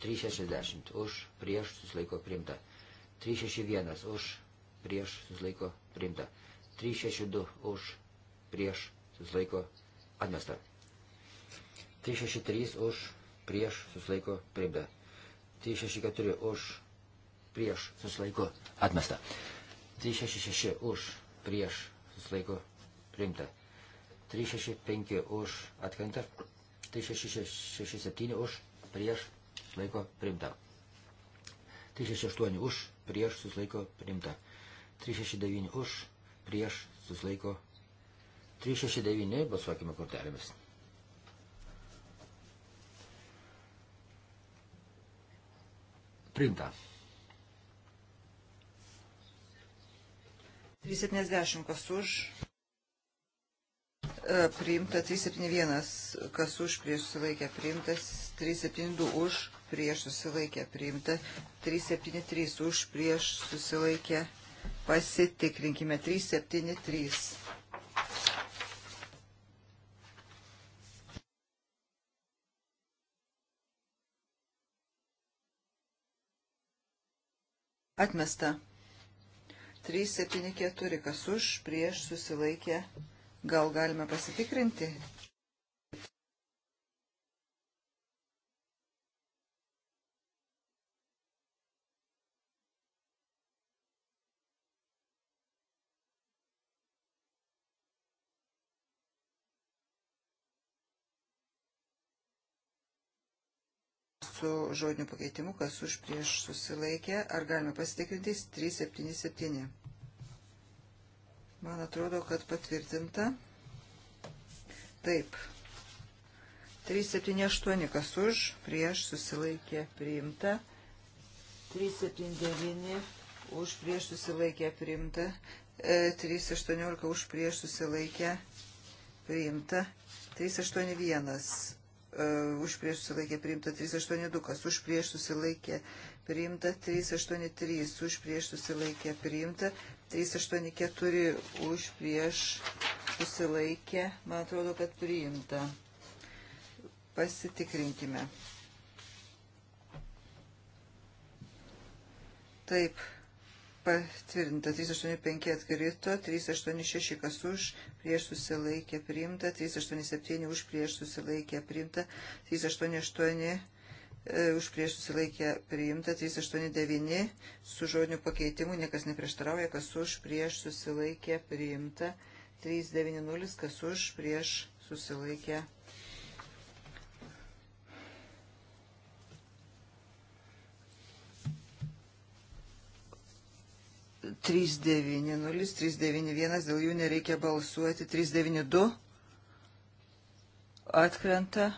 360 už, prieš susilaiko priimta. 361 už, prieš susilaiko priimta. 362 už, prieš susilaiko atmesta. 363 už, prieš susilaiko priimta. 364 už, prieš susilaiko atmesta. 366 už, prieš susilaiko priimta. 365 už atkrenta, 367 už, prieš susilaiko priimta. 368 už, prieš susilaiko priimta. 369 už, prieš susilaiko. 369 balsuokime kortelėmis. Priimta. 370 kas už e, priimta 371, kas už prieš sulaikę priimtas, 372 už prieš susilaikę priimta, 373 už prieš susilaikę pasitikrinkime 373. Atmesta. 374 kas už prieš susilaikę. Gal galime pasitikrinti? su žodiniu pakeitimu, kas už prieš susilaikė, ar galime pasitikrinti 377. Man atrodo, kad patvirtinta. Taip. 378, kas už, prieš susilaikė, priimta. 379, už prieš susilaikė, priimta. 318, e, už prieš susilaikė, priimta. 381 už prieš susilaikė priimta 382, kas už prieš susilaikė priimta 383, už prieš susilaikė priimta 384, už prieš susilaikė, man atrodo, kad priimta. Pasitikrinkime. Taip, patvirtinta 385 atkrito, 386 kas už, prieš susilaikė priimta, 387 už prieš susilaikė priimta, 388 e, už prieš susilaikė priimta, 389 su žodiniu pakeitimu, niekas neprieštarauja, kas už prieš susilaikė priimta, 390 kas už prieš susilaikė priimta. 390, 391, dėl jų nereikia balsuoti, 392 atkrenta,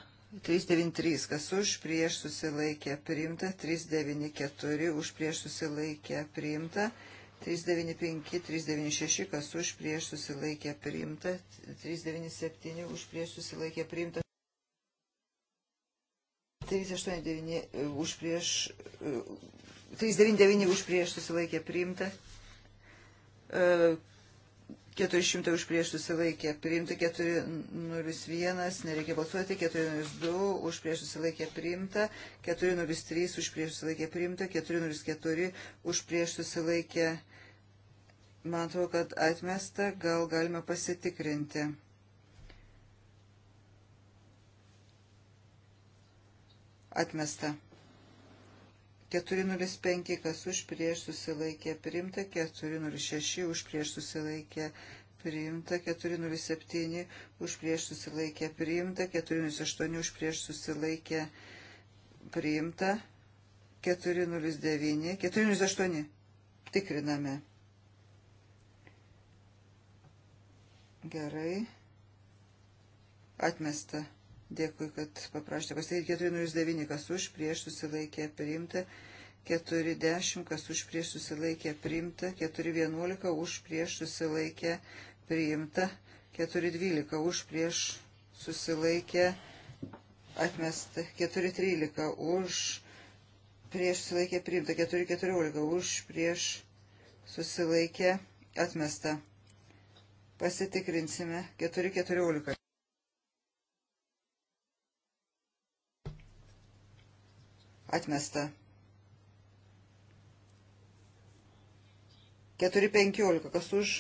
393, kas už prieš susilaikė priimta, 394 už prieš susilaikė priimta, 395, 396, kas už prieš susilaikė priimta, 397 už prieš susilaikė priimta. 389 už prieš 399 už prieš susilaikė priimta, 400 e, už prieš susilaikė, priimta 401, nereikia balsuoti, 402 už prieš susilaikė priimta, 403 už prieš susilaikė priimta, 404 už prieš susilaikė, man atrodo, kad atmesta, gal galime pasitikrinti. Atmesta. 405 kas už prieš susilaikė priimta, 406 už prieš susilaikė priimta, 407 už prieš susilaikė priimta, 408 už prieš susilaikė priimta, 409, 408 tikriname. Gerai. Atmesta. Dėkui, kad paprašėte pasakyti 409, kas už prieš susilaikė priimta, 410, kas už prieš susilaikė priimta, 411 už prieš susilaikė priimta, 412 už prieš susilaikė atmesta, 413 už prieš susilaikė priimta, 414 už prieš susilaikė atmesta. Pasitikrinsime 414. atmesta. 4.15, kas už,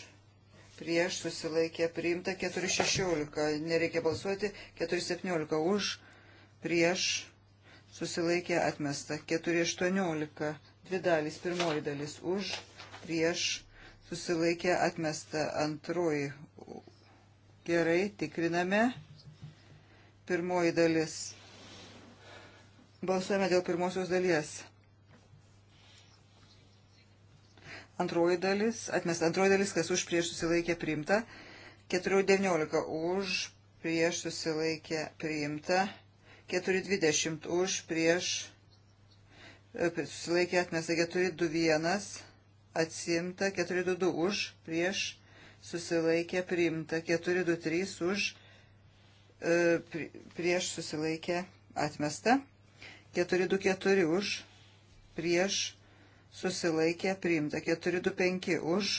prieš, susilaikė, priimta, 4.16, nereikia balsuoti, 4.17, už, prieš, susilaikė, atmesta, 4.18, dvi dalys, pirmoji dalis, už, prieš, susilaikė, atmesta, antroji, gerai, tikriname, pirmoji dalis, Balsuojame dėl pirmosios dalies. Antroji dalis, atmesta antroji dalis, kas už prieš susilaikė priimta. 4.19 už prieš susilaikė priimta. 4.20 už prieš e, susilaikė atmesta. 4.21 atsimta. 4.22 už prieš susilaikė priimta. 4.23 už e, prieš susilaikė atmesta. 424 už, prieš, susilaikė, priimta. 425 už,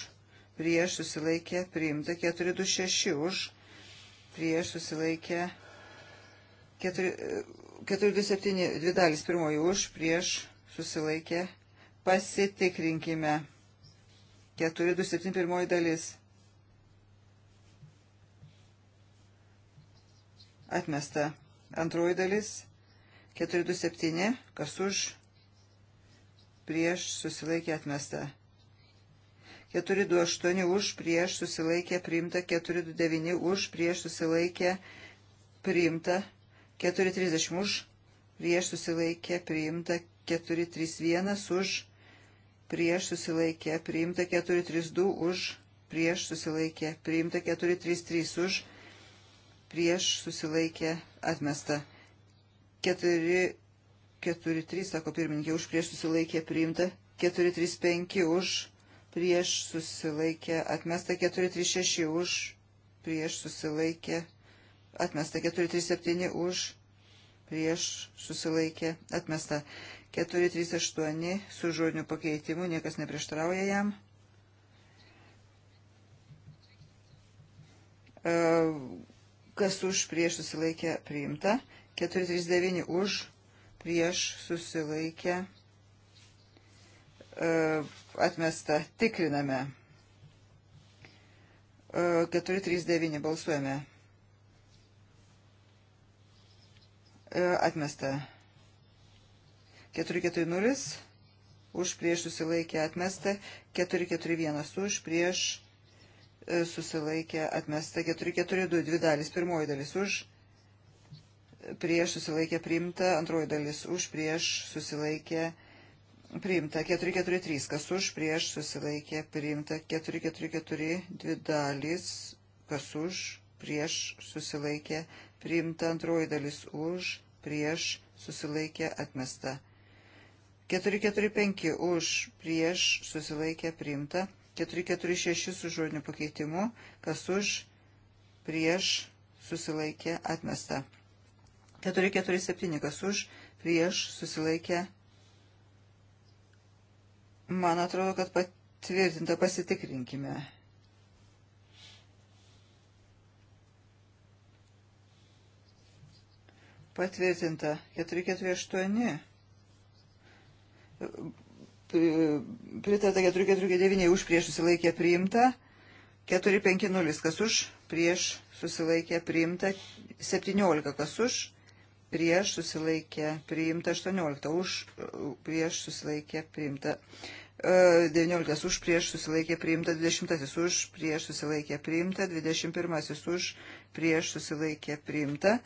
prieš, susilaikė, priimta. 426 už, prieš, susilaikė, 427, dvi dalis, pirmoji už, prieš, susilaikė, pasitikrinkime. 427 pirmoji dalis. Atmesta. Antroji dalis 427, kas už, prieš susilaikė atmesta. 428 už, prieš susilaikė priimta, 429 už, prieš susilaikė priimta, 430 už, prieš susilaikė priimta, 431 už, prieš susilaikė priimta, 432 už, prieš susilaikė priimta, 433 už, prieš susilaikė atmesta. 4, 4, 3, sako pirmininkė, už prieš susilaikė priimta, 4, 3, 5 už, prieš susilaikė atmesta, 4, 3, 6 už, prieš susilaikė atmesta, 4, 3, 7 už, prieš susilaikė atmesta, 4, 3, 8 su žodiniu pakeitimu, niekas neprieštrauja jam. E, kas už prieš susilaikė priimta. 439 už, prieš susilaikę e, atmesta. Tikriname. 439 e, balsuojame. E, atmesta. 440 už prieš susilaikę atmestą, 441 už prieš susilaikę atmestą, 442 dvi dalis, pirmoji dalis už prieš susilaikė priimta, antroji dalis už prieš susilaikė priimta, 443, kas už prieš susilaikė priimta, 444, dvi dalis, kas už prieš susilaikė priimta, antroji dalis už prieš susilaikė atmesta. 445 už prieš susilaikė priimta, 446 su žodiniu pakeitimu, kas už prieš susilaikė atmesta. 447, kas už, prieš, susilaikė. Man atrodo, kad patvirtinta, pasitikrinkime. Patvirtinta, 448. Pritarta 449 už prieš susilaikė priimta. 450 kas už prieš susilaikė priimta. 17 kas už prieš susilaikė priimta 18, už prieš susilaikė priimta 19, e, už prieš susilaikė priimta 20, už prieš susilaikė priimta 21, už prieš susilaikė priimta.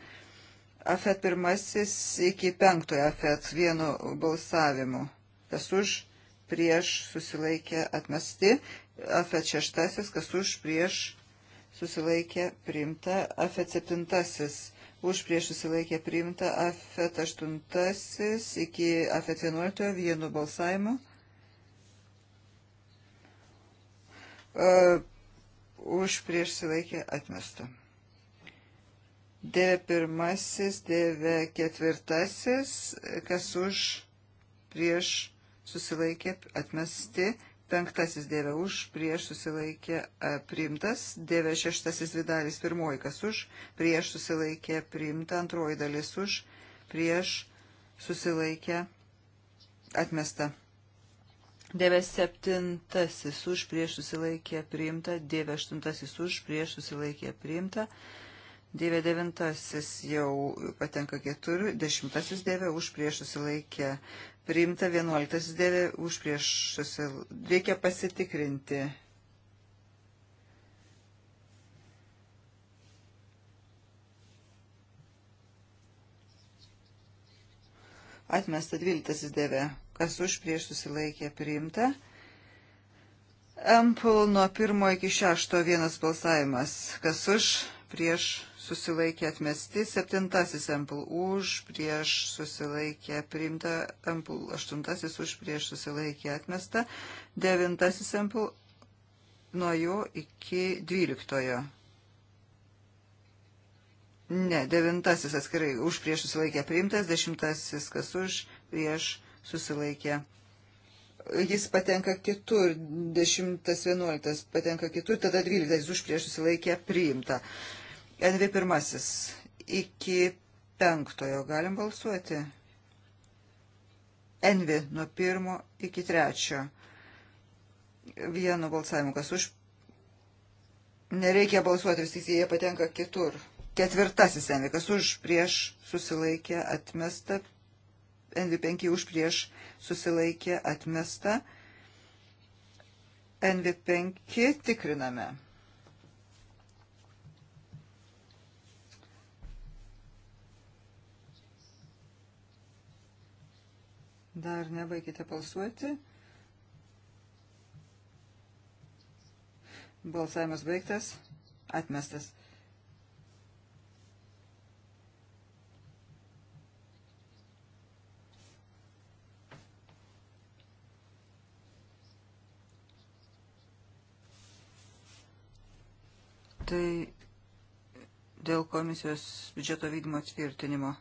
Afet pirmasis iki penktojo afet vienu balsavimu. Kas už prieš susilaikė atmesti. Afet šeštasis, kas už prieš susilaikė priimta. Afet septintasis už prieš susilaikę priimta AFET 8 iki AFET 11 vienu balsavimu. Uh, už prieš susilaikę atmesta. D1, D4, kas už prieš susilaikė atmesti penktasis dėvė už, prieš susilaikė e, priimtas, dėvė šeštasis dvi dalis pirmoji kas už, prieš susilaikė priimta, antroji dalis už, prieš susilaikė atmesta. Dėvė septintasis už, prieš susilaikė priimta, dėvė aštuntasis už, prieš susilaikė priimta. Dieve devintasis jau patenka keturi, dešimtasis dieve už prieš susilaikę priimta 11 dėvė už prieš reikia pasitikrinti. Atmesta 12 dėvė, kas už prieš susilaikė priimta. Ampul nuo pirmo iki šešto vienas balsavimas, kas už prieš susilaikė atmesti, septintasis ampul už, prieš susilaikė priimta, ampul aštuntasis už, prieš susilaikė atmesta, devintasis ampul nuo jo iki dvyliktojo. Ne, devintasis atskirai už prieš susilaikė priimtas, dešimtasis kas už prieš susilaikė. Jis patenka kitur, dešimtas vienuoliktas patenka kitur, tada dvyliktas už prieš susilaikė priimta. Uh, NV1 iki 5 galim balsuoti. NV nuo 1 iki 3. Vienu balsavimu, kas už. Nereikia balsuoti, vis tik jie patenka kitur. Ketvirtasis NV, kas už prieš susilaikė atmesta. NV5 už prieš susilaikė atmesta. NV5 tikriname. Dar nebaikite balsuoti. Balsavimas baigtas. Atmestas. Tai dėl komisijos biudžeto vykdymo tvirtinimo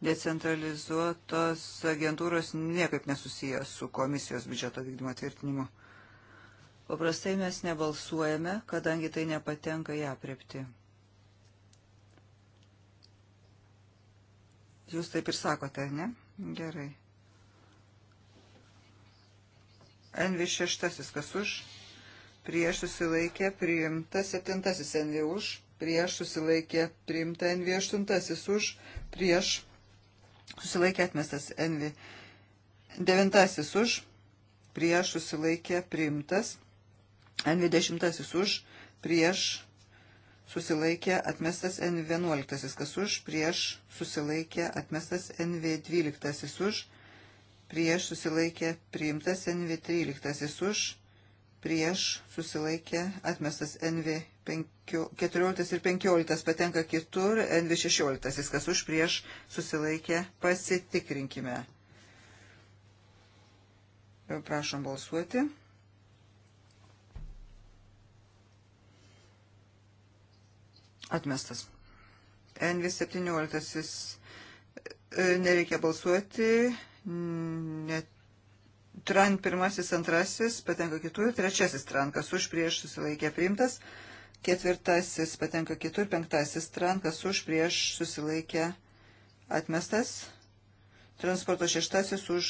decentralizuotos agentūros niekaip nesusijęs su komisijos biudžeto vykdymo tvirtinimu. Paprastai mes nebalsuojame, kadangi tai nepatenka į aprepti. Jūs taip ir sakote, ne? Gerai. NV6, kas už? Prieš susilaikė priimta, septintasis NV už, prieš susilaikė priimta NV8 už, prieš susilaikė atmestas Envi. Devintasis už, prieš susilaikė priimtas. N20 už, prieš susilaikė atmestas N11, kas už, prieš susilaikė atmestas NV12 už, prieš susilaikė priimtas NV13 už, prieš susilaikė atmestas NV15. 14 ir 15 patenka kitur, NV16, viskas už prieš susilaikė, pasitikrinkime. Prašom balsuoti. Atmestas. NV17 e, nereikia balsuoti, net Tran pirmasis, antrasis, patenka kitų ir trečiasis trankas už prieš susilaikė priimtas. Ketvirtasis patenka kitur, penktasis trankas už prieš susilaikę atmestas. Transporto šeštasis už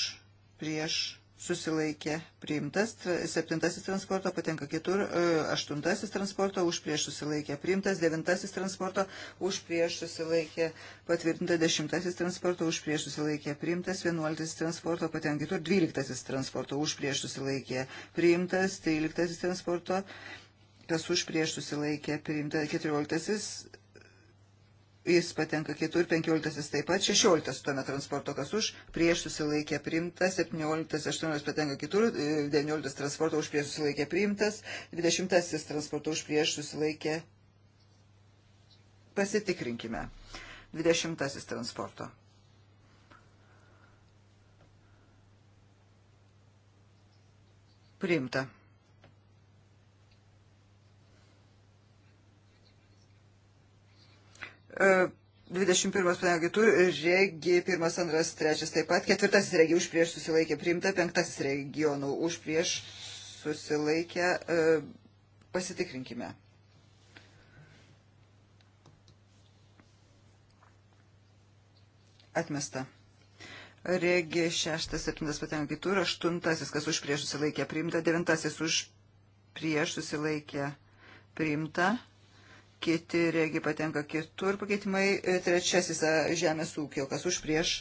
prieš susilaikė priimtas. Septintasis transporto patenka kitur. E, aštuntasis transporto už prieš susilaikė priimtas. Devintasis transporto už prieš susilaikė patvirtinta. Dešimtasis transporto už prieš susilaikė priimtas. Vienuoliktasis transporto patenka kitur. Dvyliktasis transporto už prieš susilaikė priimtas. Tryliktasis transporto. Uh, kas už prieš susilaikė priimta 14. Jis patenka kitur, 15 taip pat, 16 tuomet transporto kas už, prieš susilaikė priimtas, 17, 18 patenka kitur, 19 e, transporto už prieš susilaikė priimtas, 20 transporto už prieš susilaikė. Pasitikrinkime. 20 transporto. Priimta. 21 e, panegitų, regi 1, 2, 3 taip pat, 4 regi už prieš susilaikė priimta, 5 regionų už prieš susilaikė, e, pasitikrinkime. Atmesta. Regi 6, 7 patenka kitur, 8, kas už prieš susilaikė priimta, 9 už prieš susilaikė priimta, kiti regi patenka kitur pakeitimai, e, trečiasis e, žemės ūkio, kas už prieš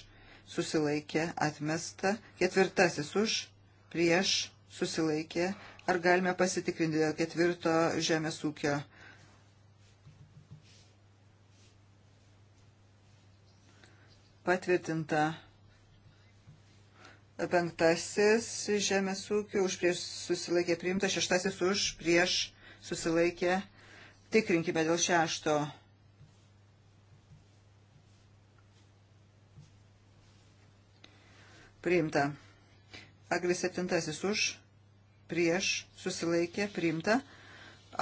susilaikė, atmesta, ketvirtasis už prieš susilaikė, ar galime pasitikrinti dėl ketvirto žemės ūkio. Patvirtinta penktasis žemės ūkio už prieš susilaikė priimta, šeštasis už prieš susilaikė priimta Tikrinkime dėl šešto. Priimta. Agri septintasis už, prieš, susilaikė, priimta.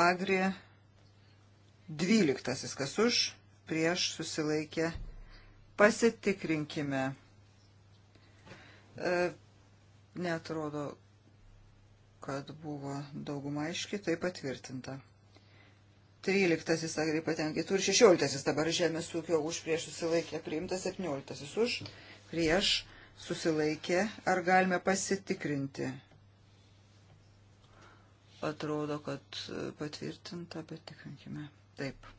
Agri dvyliktasis kas už, prieš, susilaikė. Pasitikrinkime. E, netrodo, kad buvo dauguma aiški, tai patvirtinta. 13 agri patenkintų ir 16 dabar žemės ūkio už prieš susilaikė priimtas, 17 už prieš susilaikė. Ar galime pasitikrinti? Atrodo, kad patvirtinta, bet tikrinkime. Taip.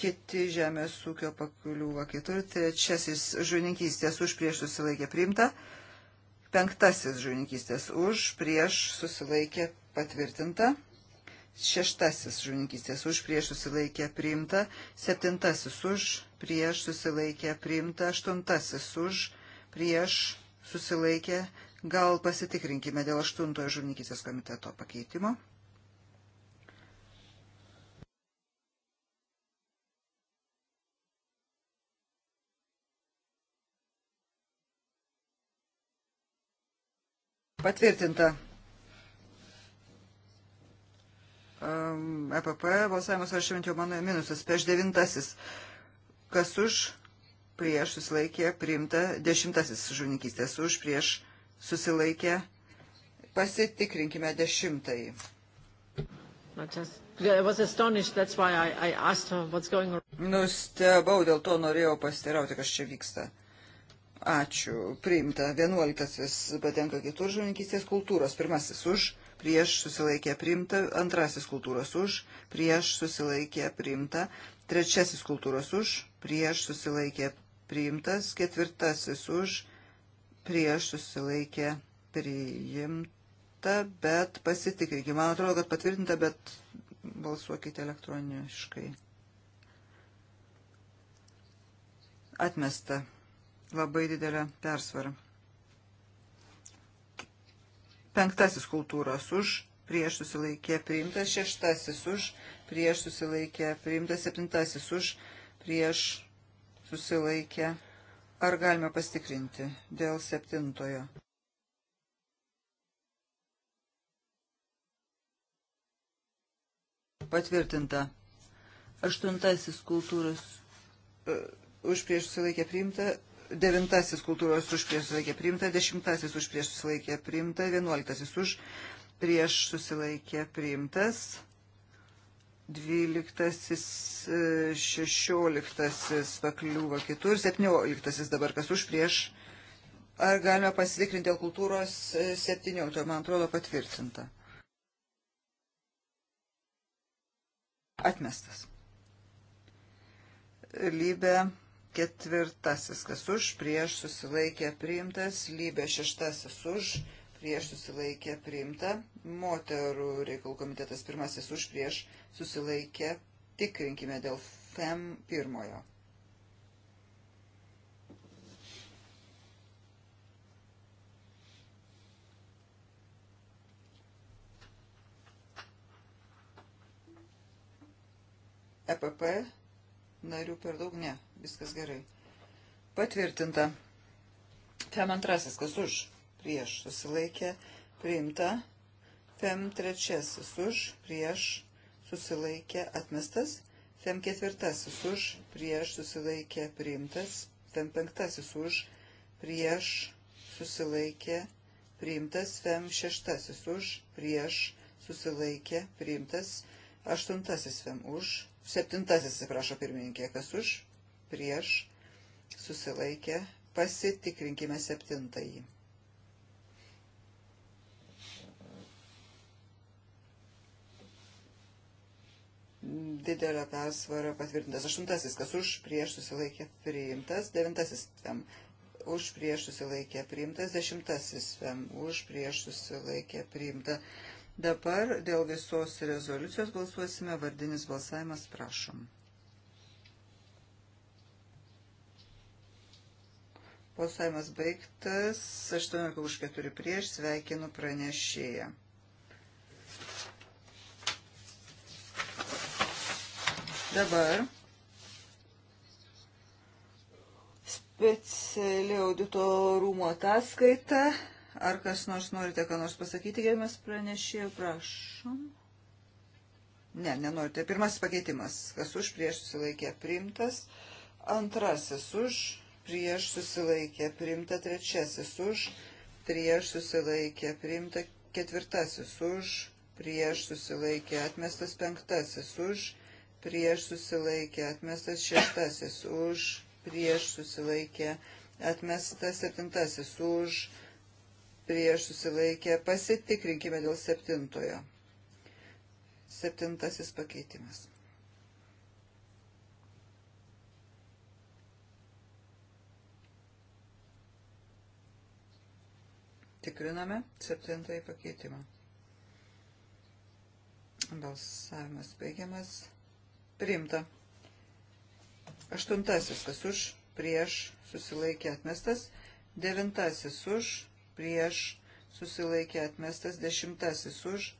Kiti žemės ūkio pakliūva kitur. Trečiasis žuvininkystės už prieš susilaikė priimta. Penktasis žuvininkystės už prieš susilaikė patvirtinta. Šeštasis žuvininkystės už prieš susilaikę priimta, septintasis už prieš susilaikę priimta, aštuntasis už prieš susilaikę. Gal pasitikrinkime dėl aštuntojo žuvininkystės komiteto pakeitimo. Patvirtinta. um, EPP balsavimas ar šventio mano minusas. Prieš devintasis. Kas už prieš susilaikė priimta. Dešimtasis žuvininkystės už prieš susilaikė. Pasitikrinkime dešimtąjį. Nustebau, dėl to norėjau pasiteirauti, kas čia vyksta. Ačiū. Priimta. Vienuoliktasis patenka kitur žuvininkystės kultūros. Pirmasis už prieš susilaikė primta, antrasis kultūros už, prieš susilaikė primta, trečiasis kultūros už, prieš susilaikė priimtas, ketvirtasis už, prieš susilaikė priimta, bet pasitikrinkime. Man atrodo, kad patvirtinta, bet balsuokite elektroniškai. Atmesta. Labai didelė persvara. Penktasis kultūros už, prieš susilaikė priimtas. Šeštasis už, prieš susilaikė priimtas. Septintasis už, prieš susilaikė. Ar galime pastikrinti dėl septintojo? Patvirtinta. Aštuntasis kultūros e, už prieš susilaikę priimta, devintasis kultūros už prieš susilaikė priimta, dešimtasis už prieš susilaikė priimta, vienuoliktasis už prieš susilaikė priimtas, dvyliktasis, e, šešioliktasis pakliūva kitur, septynioliktasis dabar kas už prieš. Ar galime pasitikrinti dėl kultūros 17, e, man atrodo patvirtinta. Atmestas. Lybė ketvirtasis, kas už, prieš susilaikė priimtas, lybė šeštasis už, prieš susilaikė priimta, moterų reikalų komitetas pirmasis už, prieš susilaikė, tikrinkime dėl FEM pirmojo. EPP narių per daug ne. Viskas gerai. Patvirtinta. Fem antrasis, kas už, prieš, susilaikė, priimta. Fem trečiasis už, prieš, susilaikė, atmestas. Fem ketvirtasis už, prieš, susilaikė, priimtas. Fem penktasis už, prieš, susilaikė, priimtas. Fem šeštasis už, prieš, susilaikė, priimtas. Aštuntasis fem už, septintasis, atsiprašo pirmininkė, kas už, prieš susilaikę pasitikrinkime septintąjį. Didelio persvaro patvirtintas. Aštuntasis, kas už prieš susilaikė priimtas. Devintasis, tam už prieš susilaikė priimtas. Dešimtasis, tam už prieš susilaikė priimta. Dabar dėl visos rezoliucijos balsuosime. Vardinis balsavimas, prašom. Balsavimas baigtas. 18 už 4 prieš. Sveikinu pranešėją. Dabar speciali audito rūmo ataskaita. Ar kas nors norite ką nors pasakyti, gerbiamas pranešėjų, prašom. Ne, nenorite. Pirmasis pakeitimas. Kas už prieš susilaikė priimtas. Antrasis už prieš susilaikė priimta trečiasis už, prieš susilaikė priimta ketvirtasis už, prieš susilaikė atmestas penktasis už, prieš susilaikė atmestas šeštasis už, prieš susilaikė atmestas septintasis už, prieš susilaikė pasitikrinkime dėl septintojo. Septintasis pakeitimas. Tikriname septintąjį pakeitimą. Balsavimas baigiamas. Priimta. Aštuntasis, kas už, prieš, susilaikė atmestas. Devintasis už, prieš, susilaikė atmestas. Dešimtasis už,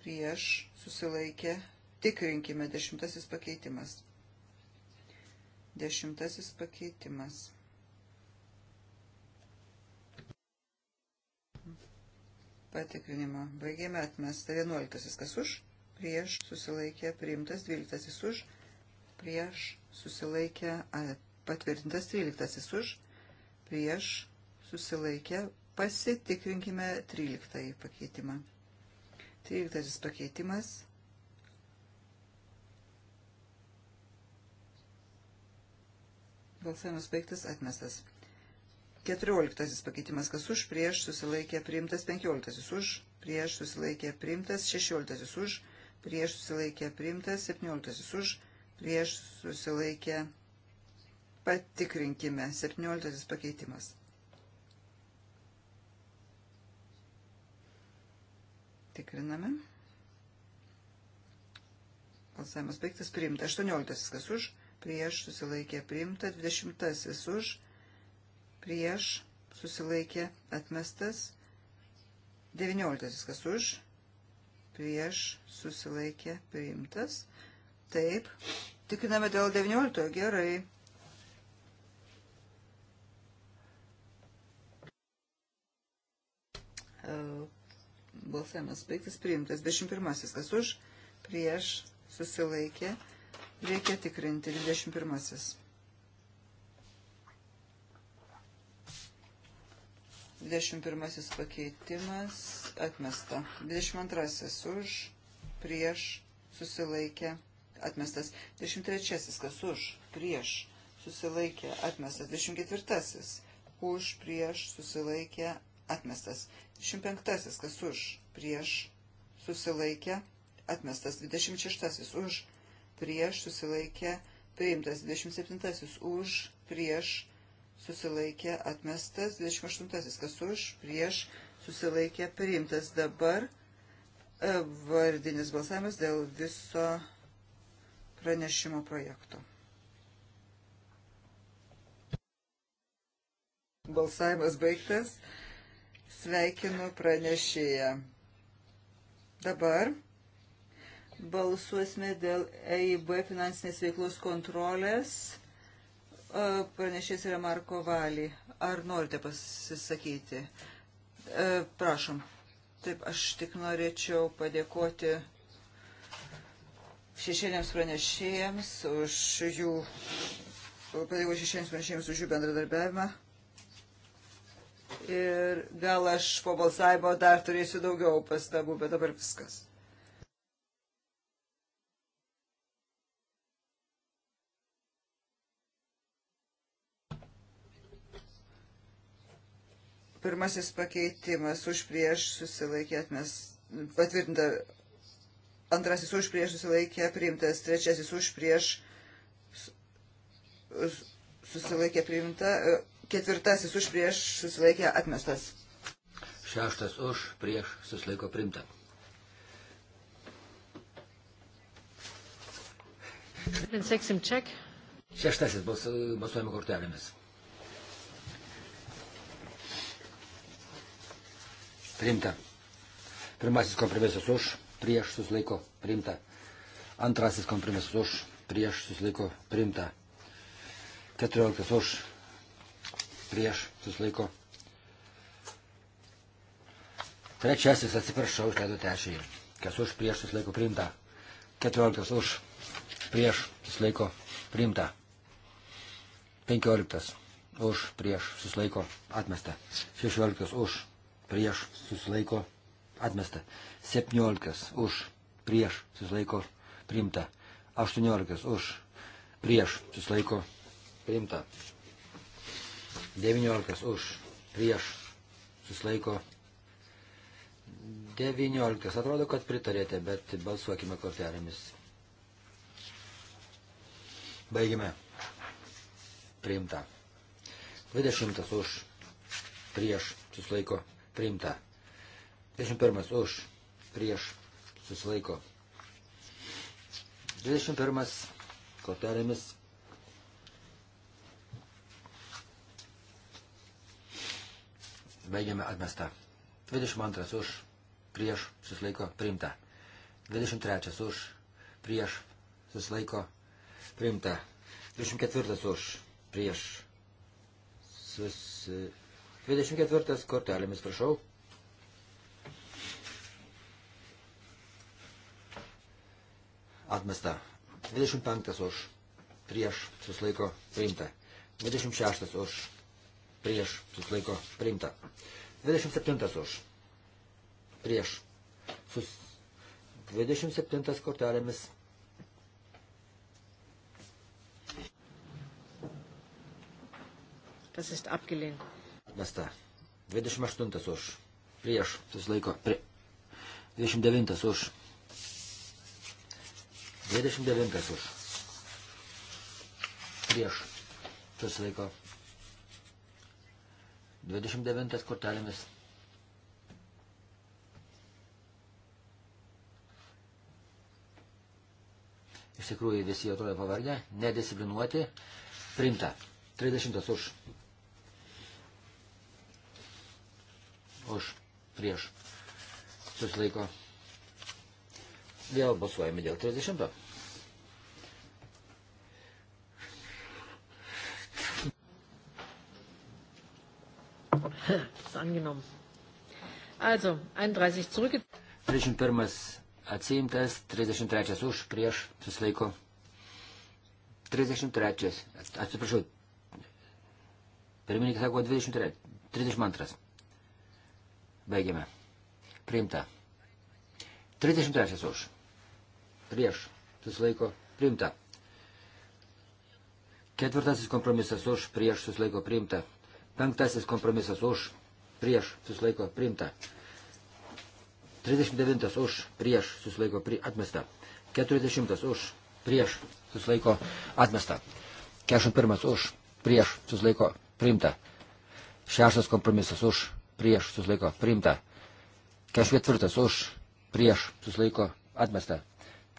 prieš, susilaikė. Tikrinkime dešimtasis pakeitimas. Dešimtasis pakeitimas. patikrinimo. Baigėme atmestą 11. Kas už? Prieš susilaikė priimtas 12. Už. Prieš susilaikė patvirtintas 13. Už. Prieš susilaikė pasitikrinkime 13. pakeitimą. 13. pakeitimas. Balsavimas baigtas atmestas. 14 pakeitimas, kas už, prieš, susilaikė, priimtas 15 už, prieš, susilaikė, priimtas 16 už, prieš, susilaikė, priimtas 17 už, prieš, susilaikė, patikrinkime 17 pakeitimas. Tikriname. Balsavimas baigtas, priimta 18 kas už, prieš susilaikė priimta 20 už, prieš, susilaikė, atmestas. 19 kas už, prieš, susilaikė, priimtas. Taip, tikriname dėl 19, gerai. E, balsavimas baigtas, priimtas. 21 kas už, prieš, susilaikė, reikia tikrinti 21. 21 pakeitimas atmesta. 22 už, prieš, susilaikė, atmestas. 23 kas už, prieš, susilaikė, atmestas. 24 už, prieš, susilaikė, atmestas. 25 kas už, prieš, susilaikė, atmestas. 26 už, prieš, susilaikė, priimtas. 27 už, prieš, susilaikė susilaikė atmestas, 28 kas už, prieš susilaikė priimtas. Dabar e, vardinis balsavimas dėl viso pranešimo projekto. Balsavimas baigtas. Sveikinu pranešėją. Dabar balsuosime dėl EIB finansinės veiklos kontrolės Pranešės yra Marko Valį. Ar norite pasisakyti? Prašom. Taip, aš tik norėčiau padėkoti šešėliams pranešėjams už jų, padėkoti šešėliams pranešėjams už jų bendradarbiavimą. Ir gal aš po balsavimo dar turėsiu daugiau pastabų, bet dabar viskas. Pirmasis pakeitimas už prieš susilaikė atmestas, patvirtinta. Antrasis už prieš susilaikė priimtas, trečiasis už prieš susilaikė priimta, e, ketvirtasis už prieš susilaikė atmestas. Šeštas už prieš susilaiko priimta. Šeštasis balsuojame kortelėmis. Priimta. Pirmasis kompromisas už, prieš susilaiko priimta. Antrasis kompromisas už, prieš susilaiko priimta. Keturioliktas už, prieš susilaiko. Trečiasis, atsiprašau, išleidau trečiąjį. Kas už, prieš susilaiko priimta. Keturioliktas už, prieš susilaiko priimta. Penkioliktas už, prieš susilaiko atmesta. Šešioliktas už, prieš susilaiko atmesta. 17 už prieš susilaiko priimta. 18 už prieš susilaiko priimta. 19 už prieš susilaiko. 19 atrodo, kad pritarėte, bet balsuokime kortelėmis. Baigime. Priimta. 20 už prieš susilaiko priimta. 21 už, prieš, susilaiko. 21 kortelėmis. Baigiame atmestą. 22 už, prieš, susilaiko, priimta. 23 už, prieš, susilaiko, priimta. 24 už, prieš, susilaiko 24 kortelėmis, prašau. Atmesta. 25 už. Prieš suslaiko priimta. 26 už. Prieš suslaiko priimta. 27 už. Prieš. Sus... 27 kortelėmis. Das ist abgelehnt atmesta. 28 už. Prieš susilaiko. Prie. 29 už. 29 už. Prieš susilaiko. 29 kortelėmis. Iš tikrųjų visi atrodo pavargę, nedisciplinuoti, primta. 30 už už prieš susilaiko. Vėl balsuojame dėl 30. Angenommen. Also, 31 zurück. 31 atsiimtas, 33 už, prieš, susilaiko. 33, atsiprašau, pirmininkas sako 23, 32. Baigiame. Priimta. 33 už. Prieš. Susilaiko. Priimta. Ketvirtasis kompromisas už. Prieš. Susilaiko. Priimta. Penktasis kompromisas už. Prieš. Susilaiko. Priimta. 39 už. Prieš. Susilaiko. Pri... Atmesta. 40 už. Prieš. Susilaiko. Atmesta. 41 už. Prieš. Susilaiko. Priimta. Šeštas kompromisas už prieš susilaiko priimta. 44 už prieš susilaiko atmesta.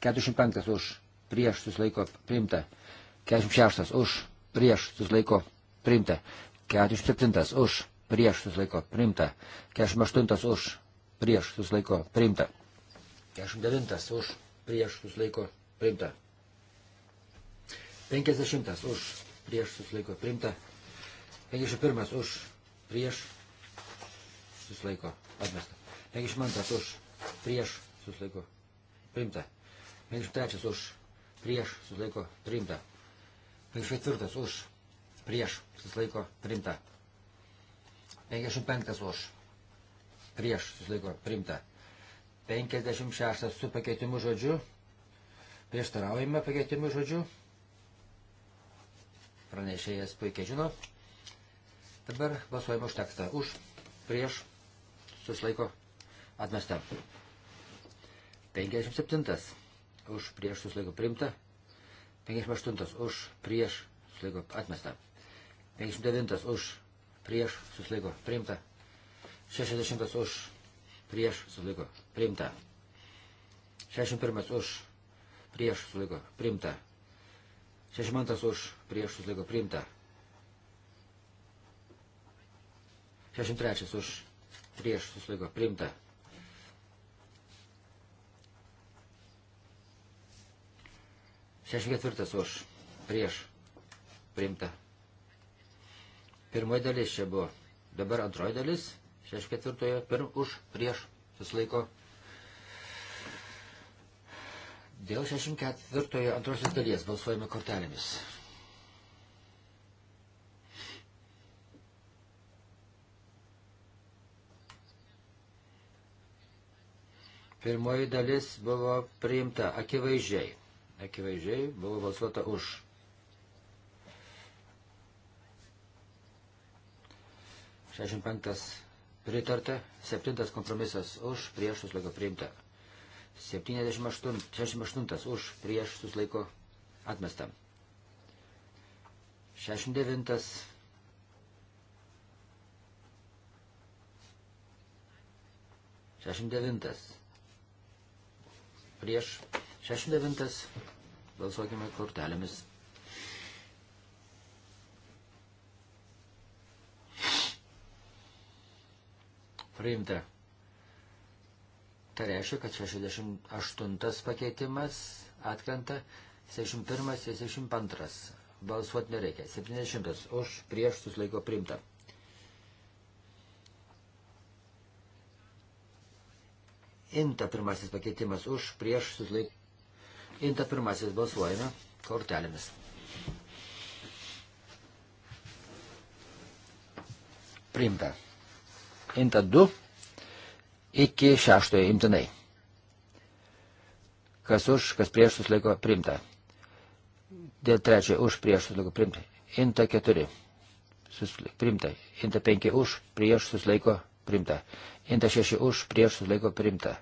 45 už prieš susilaiko priimta. 46 už prieš susilaiko priimta. 47 už prieš susilaiko priimta. 48 už prieš susilaiko priimta. 49 už prieš susilaiko priimta. 50 už prieš susilaiko priimta. 51 už prieš susilaiko atmesta. 52 už prieš susilaiko priimta. 53 už prieš susilaiko priimta. 54 už prieš susilaiko priimta. 55 už prieš susilaiko priimta. 56 su pakeitimu žodžiu. Prieštaraujame pakeitimu žodžiu. Pranešėjas puikiai žino. Dabar balsuojame už tekstą. Už prieš susilaiko atmesta. 57 už prieš susilaiko priimta. 58 už prieš susilaiko atmesta. 59 už prieš susilaiko priimta. 60 už prieš susilaiko priimta. 61 už prieš susilaiko priimta. 62 už prieš susilaiko priimta. 63 už prieš susilaiko priimta. Šešim ketvirtas už prieš priimta. Pirmoji dalis čia buvo. Dabar antroji dalis, šešim ketvirtojo, per už prieš susilaiko. Dėl šešim ketvirtojo antrosios dalies balsuojame kortelėmis. Pirmoji dalis buvo priimta akivaizdžiai. Akivaizdžiai buvo balsuota už. Šešim penktas pritarta, septintas kompromisas už, prieš suslaiko priimta. 78, 68 už, prieš suslaiko atmesta. 69 69 prieš 69. Balsuokime kortelėmis. Priimta. Tai reiškia, kad 68 pakeitimas atkrenta 61, 62. Balsuoti nereikia. 70 už prieš susilaiko priimta. Inta pirmasis pakeitimas už, prieš, susilaik. Inta pirmasis balsuojame kortelėmis. Priimta. Inta 2 iki 6 imtinai. Kas už, kas prieš susilaiko priimta. Dėl trečio už, prieš susilaiko priimta. Inta 4 priimta. Inta 5 už, prieš susilaiko primta. Inta 6 už, prieš susilaiko primta.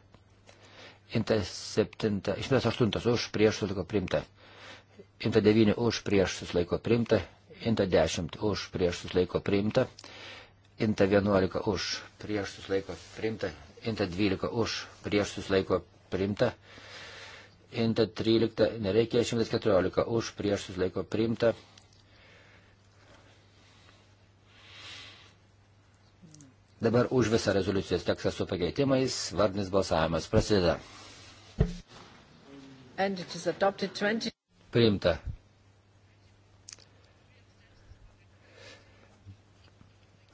Inta 7, 108 už, prieš susilaiko primta. Inta 9 už, prieš susilaiko primta. Inta 10 už, prieš susilaiko primta. Inta 11 už, prieš susilaiko primta. Inta 12 už, prieš susilaiko primta. Inta 13, nereikia 114 už, prieš susilaiko primta. Dabar už visą rezoliucijos tekstą su pakeitimais vardinis balsavimas prasideda. Priimta.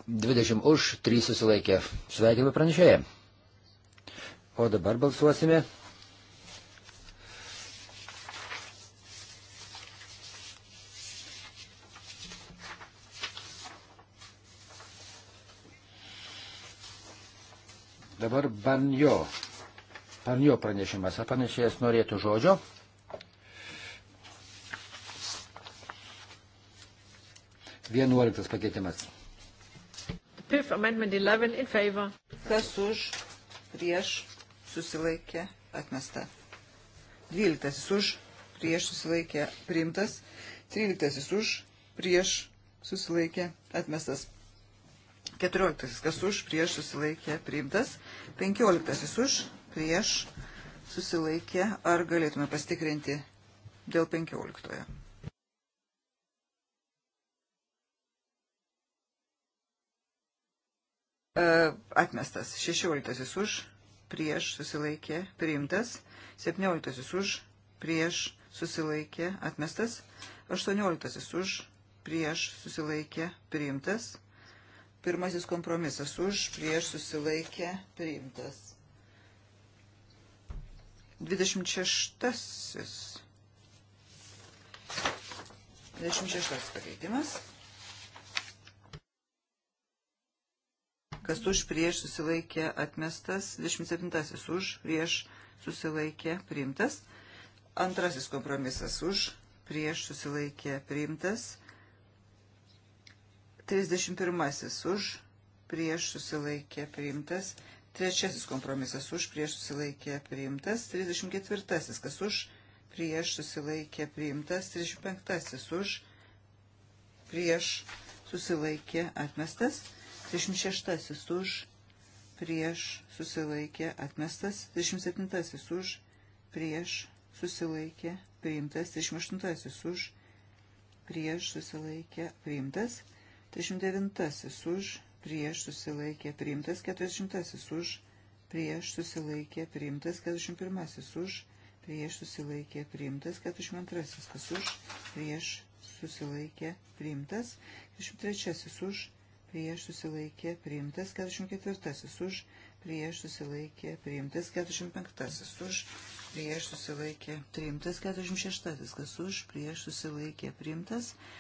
Dvidešimt už, trys susilaikė. Sveikiname pranešėją. O dabar balsuosime. Dabar Banjo. Banjo pranešimas. Ar panašėjas norėtų žodžio? Vienuoliktas pakeitimas. Kas už, prieš, susilaikė, atmesta. Dvyliktasis už, prieš, susilaikė, priimtas. Tryliktasis už, prieš, susilaikė, atmestas. 14. Kas už, prieš susilaikė priimtas. 15. Už, prieš susilaikė. Ar galėtume pastikrinti dėl 15. E, atmestas. 16. Už, prieš susilaikė priimtas. 17. Už, prieš susilaikė atmestas. 18. Už, prieš susilaikė priimtas. Pirmasis kompromisas už, prieš susilaikė priimtas. 26. 26 pakeitimas. Kas už prieš susilaikė atmestas. 27 už prieš susilaikė priimtas. Antrasis kompromisas už prieš susilaikė priimtas. 31 už, prieš susilaikė priimtas. Trečiasis kompromisas už, prieš susilaikė priimtas. 34 kas už, prieš susilaikė priimtas. 35 už, prieš susilaikė atmestas. 36 už, prieš susilaikė atmestas. 37 už, prieš susilaikė priimtas. 38 už, prieš susilaikė priimtas. 39 už, prieš susilaikė priimtas, 40 už, prieš susilaikė priimtas, 41 už, prieš susilaikė priimtas, 42 kas už, prieš susilaikė priimtas, 43 už, prieš susilaikė priimtas, 44 už, prieš susilaikė priimtas, 45 už, prieš susilaikė priimtas, 46 kas už, prieš susilaikė priimtas, 46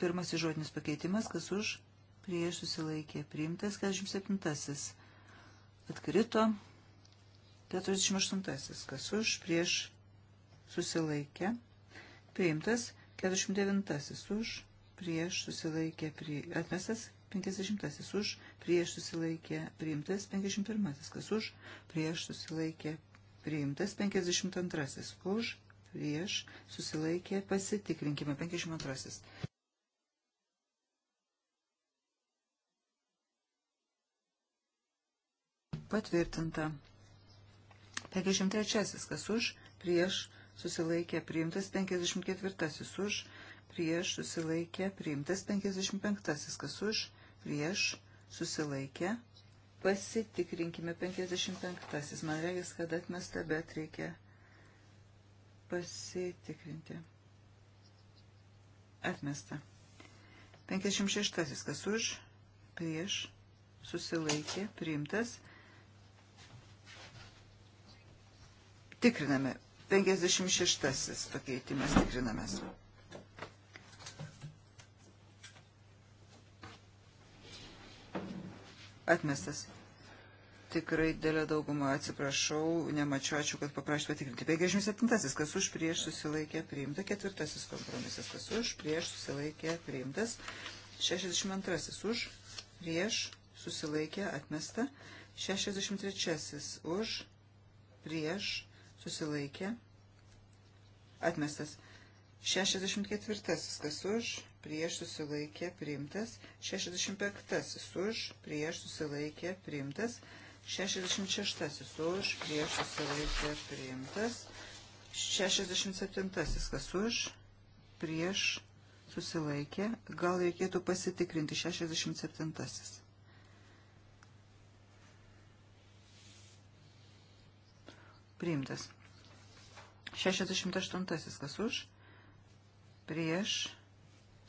Pirmasis žodinis pakeitimas, kas už, prieš susilaikė, priimtas 47. Atkrito 48. Kas už, prieš susilaikė, priimtas 49. Už, prieš susilaikė, prie, atmestas 50. Už, prieš susilaikė, priimtas 51. Kas už, prieš susilaikė, priimtas 52. Už, prieš susilaikė, pasitikrinkime 52. patvirtinta. 53. Kas už, prieš, susilaikė, priimtas. 54. Už, prieš, susilaikė, priimtas. 55. Kas už, prieš, susilaikė. Pasitikrinkime 55. Man reikia, kad atmesta, bet reikia pasitikrinti. Atmesta. 56. Kas už, prieš, susilaikė, priimtas. Tikriname. 56 pakeitimas tikrinamės. Atmestas. Tikrai dėlė daugumą atsiprašau, nemačiau, ačiū, kad paprašė patikrinti. 57. Kas už prieš susilaikė priimta. Ketvirtasis kompromisas. Kas už prieš susilaikė priimtas. 62. Už prieš susilaikė atmesta. 63. Už prieš susilaikė, atmestas. 64 kas už, prieš susilaikė, priimtas. 65 už, prieš susilaikė, priimtas. 66 už, prieš susilaikė, priimtas. 67 kas už, prieš susilaikė, gal reikėtų pasitikrinti 67. priimtas. 68 kas už, prieš,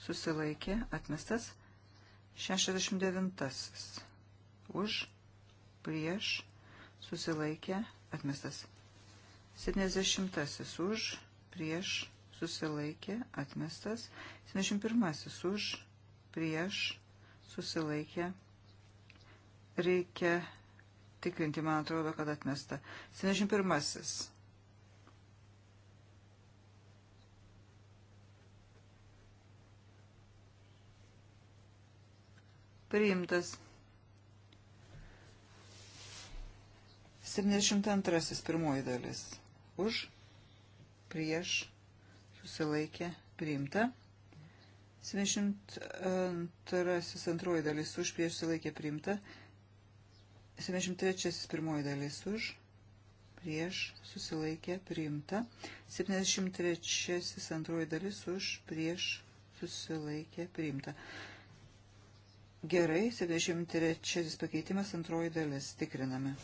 susilaikė, atmestas. 69 už, prieš, susilaikė, atmestas. 70 už, prieš, susilaikė, atmestas. 71 už, prieš, susilaikė, atmestas reikia patikrinti, man atrodo, kad atmesta. 71. Priimtas. 72. Pirmoji dalis. Už, prieš, susilaikė, priimta. 72. Antroji dalis už, prieš, susilaikė, priimta. 73. 73 pirmoji dalis už, prieš, susilaikė, priimta. 73 antroji dalis už, prieš, susilaikė, priimta. Gerai, 73 pakeitimas antroji dalis. Tikriname.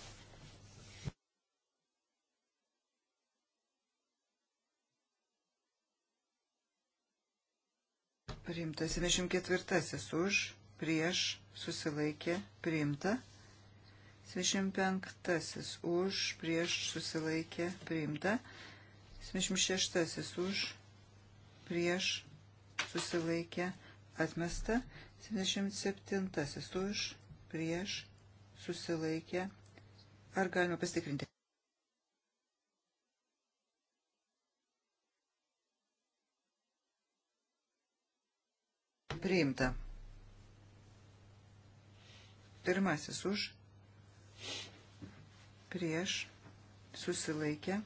Priimta 74 už, prieš, susilaikė, priimta. 75 už, prieš susilaikė priimta. 76 už, prieš susilaikė atmesta. 77 už, prieš susilaikė. Ar galima pasitikrinti? Priimta. Pirmasis už prieš, susilaikę,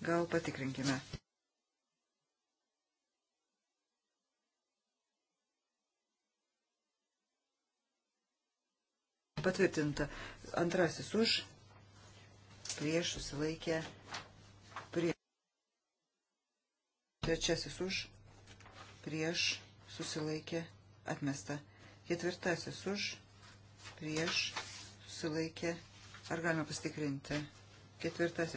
gal patikrinkime. Patvirtinta. Antrasis už, prieš, susilaikę, prieš. Trečiasis už, prieš, susilaikė, atmesta. Ketvirtasis už, prieš, susilaikė, atmesta Ar galime pasitikrinti? Ketvirtas.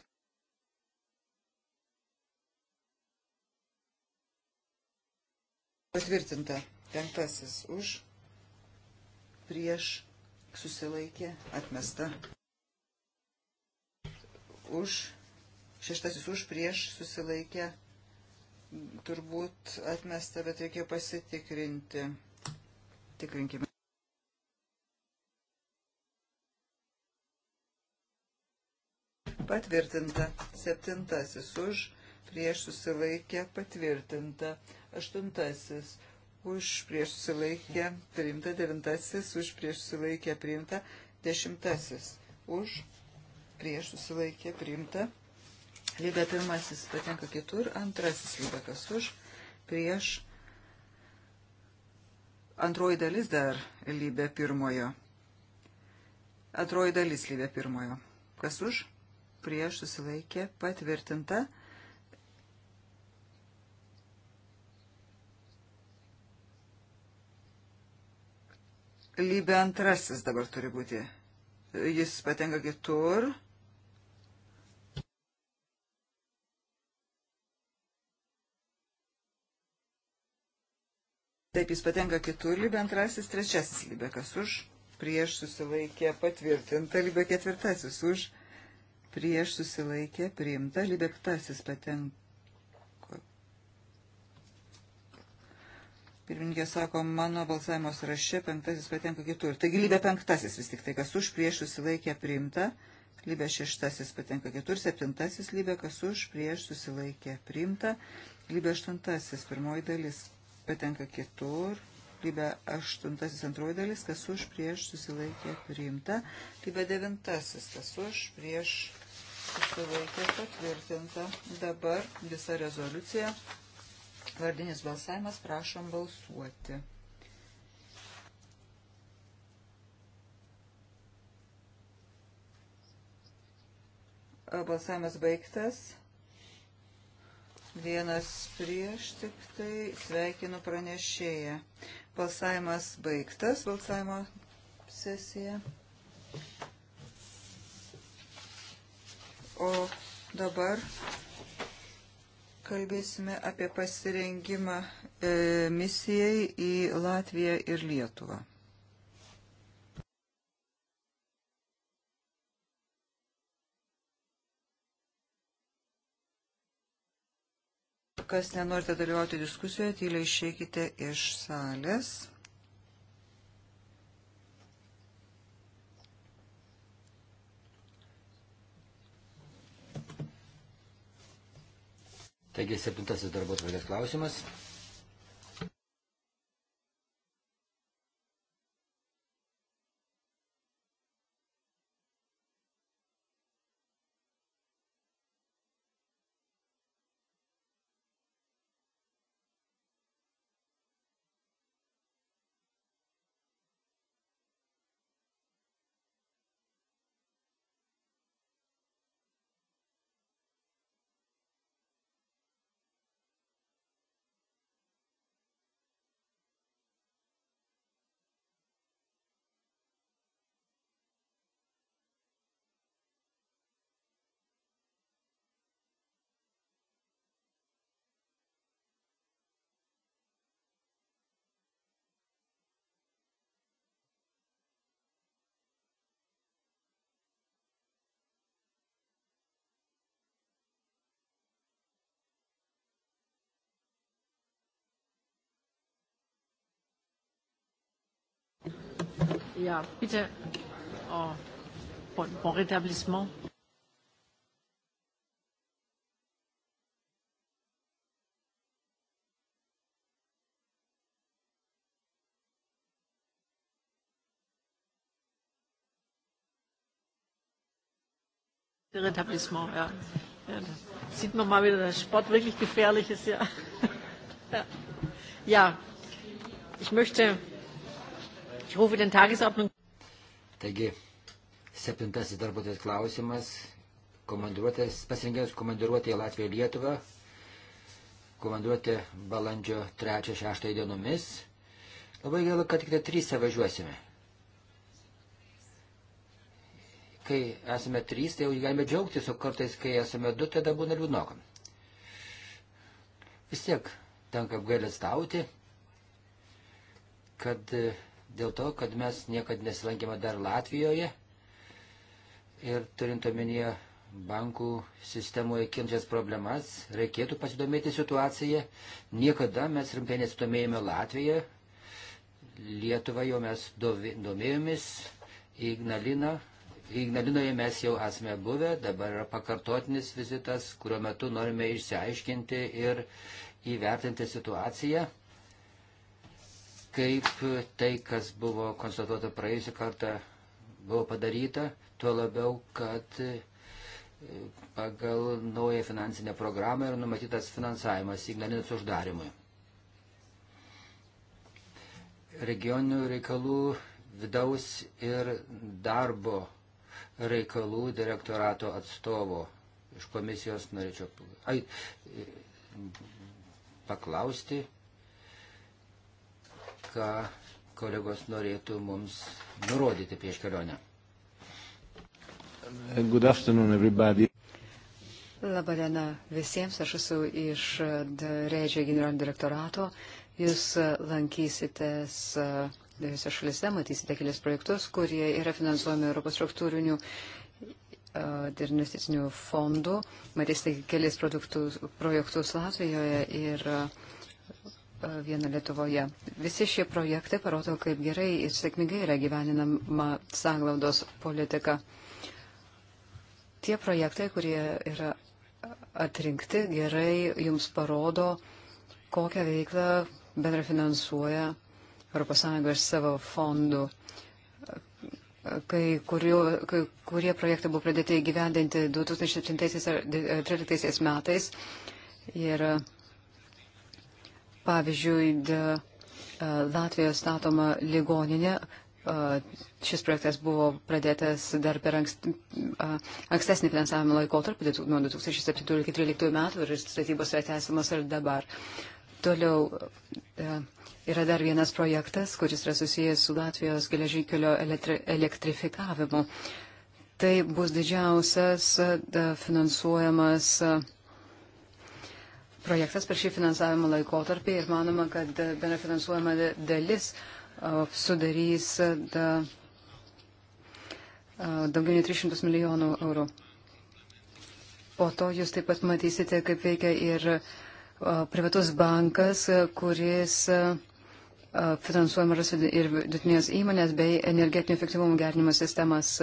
Patvirtinta. Penktasis už. Prieš. Susilaikė. Atmesta. Už. Šeštasis už. Prieš. Susilaikė. Turbūt atmesta, bet reikėjo pasitikrinti. Tikrinkime. patvirtinta. Septintasis už, prieš susilaikę patvirtinta. Aštuntasis už, prieš susilaikę priimta. Devintasis už, prieš susilaikę priimta. Dešimtasis už, prieš susilaikę priimta. Lyga pirmasis patenka kitur, antrasis lyga kas už, prieš antroji dalis dar lybė pirmojo. Antroji dalis lybė pirmojo. Kas už? prieš susilaikė patvirtinta. Lybė antrasis dabar turi būti. Jis patenka kitur. Taip, jis patenka kitur, lybė antrasis, trečiasis lybė, kas už, prieš susilaikė patvirtinta, lybė ketvirtasis už, prieš susilaikė priimta, libektasis patenko. Pirmininkė sako, mano balsavimo sąraše penktasis patenka kitur. Taigi lybė penktasis vis tik tai, kas už prieš susilaikė priimta, lybė šeštasis patenka kitur, septintasis lybė, kas už prieš susilaikė priimta, lybė aštuntasis pirmoji dalis patenka kitur, Lybė aštuntasis antroji dalis, kas už prieš susilaikė priimta. Lybė devintasis, kas už prieš susilaikė patvirtinta. Dabar visa rezoliucija. Vardinis balsavimas, prašom balsuoti. Balsavimas baigtas. Vienas prieš tik tai sveikinu pranešėją. Balsavimas baigtas, balsavimo sesija o dabar kalbėsime apie pasirengimą e, misijai į Latviją ir Lietuvą. Kas nenorite dalyvauti diskusijoje, tyliai išeikite iš salės. Taigi septintasis darbo tvarkės klausimas. Ja, bitte. Oh, bon, bon rétablissement. Rétablissement, ja. ja. Das sieht man mal wieder, dass Sport wirklich gefährlich ist, ja. ja. Ja, ich möchte Taigi, septintasis darbotės klausimas, komandiruotės, pasirinkęs komandiruotė į Latviją ir Lietuvą, komandiruotė balandžio 3-6 dienomis. Labai gaila, kad tik tai trysia važiuosime. Kai esame trys, tai jau galime džiaugtis, o kartais, kai esame du, tada būna liūdnokam. Vis tiek tenka apgailestauti, kad dėl to, kad mes niekad nesilankėme dar Latvijoje ir turint omenyje bankų sistemoje kilčias problemas, reikėtų pasidomėti situaciją. Niekada mes rimtai nesidomėjome Latviją, Lietuvą jau mes domėjomės, Ignalina. Ignalinoje mes jau esame buvę, dabar yra pakartotinis vizitas, kurio metu norime išsiaiškinti ir įvertinti situaciją kaip tai, kas buvo konstatuota praėjusią kartą, buvo padaryta, tuo labiau, kad e, pagal naują finansinę programą yra numatytas finansavimas Ignalinos uždarimui. Regioninių reikalų vidaus ir darbo reikalų direktorato atstovo iš komisijos norėčiau ai, e, paklausti, ką kolegos norėtų mums nurodyti prieš kelionę. Good afternoon, everybody. Labadiena visiems, aš esu iš Reidžio generalinio direktorato. Jūs lankysitės visose šalise, matysite kelias projektus, kurie yra finansuojami Europos struktūrinių e, ir investicinių fondų. Matysite kelias projektus Latvijoje ir uh, vieną Lietuvoje. Visi šie projektai parodo, kaip gerai ir sėkmingai yra gyveninama sanglaudos politika. Tie projektai, kurie yra atrinkti, gerai jums parodo, kokią veiklą bendrafinansuoja ES iš savo fondų kai, kurių, kai kurie projektai buvo pradėti gyvendinti 2013 metais. Ir Pavyzdžiui, e, Latvijoje statoma ligoninė. E, šis projektas buvo pradėtas dar per ankst, e, ankstesnį finansavimo laikotarpį, nuo 2017-2013 metų ir statybos yra tęsiamas ir dabar. Toliau yra dar vienas projektas, kuris yra susijęs su Latvijos geležinkelio elektri elektrifikavimu. Tai bus didžiausias finansuojamas projektas per šį finansavimo laikotarpį ir manoma, kad bendra finansuojama dalis sudarys da, daugiau nei 300 milijonų eurų. Po to jūs taip pat matysite, kaip veikia ir privatus bankas, kuris finansuojamas ir vidutinės įmonės bei energetinio efektyvumo gerinimo sistemas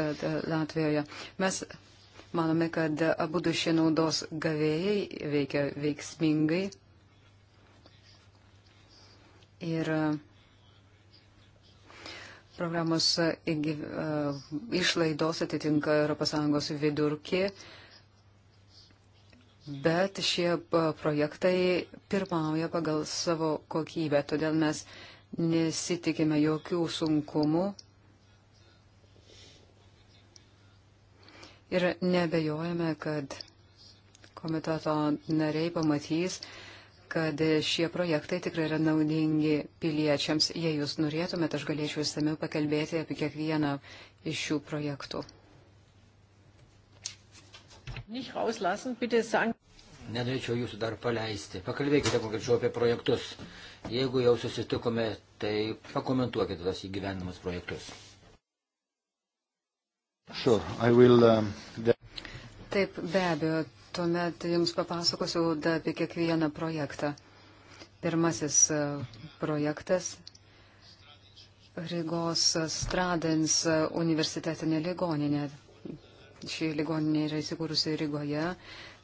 Latvijoje. Mes Manome, kad abu du šie naudos gavėjai veikia veiksmingai. Ir uh, programos uh, uh, išlaidos atitinka ES vidurkį, bet šie projektai pirmauja pagal savo kokybę, todėl mes nesitikime jokių sunkumų Ir nebejojame, kad komiteto nariai pamatys, kad šie projektai tikrai yra naudingi piliečiams. Jei jūs norėtumėte, aš galėčiau įsamiau pakalbėti apie kiekvieną iš šių projektų. Nenorėčiau jūsų dar paleisti. Pakalbėkite konkrečiau apie projektus. Jeigu jau susitikome, tai pakomentuokite tas įgyvenimus projektus. Sure, will, um, the... Taip, be abejo, tuomet jums papasakosiu apie kiekvieną projektą. Pirmasis uh, projektas Rygos Stradens uh, universitetinė ligoninė. Ši ligoninė yra įsikūrusi Rygoje.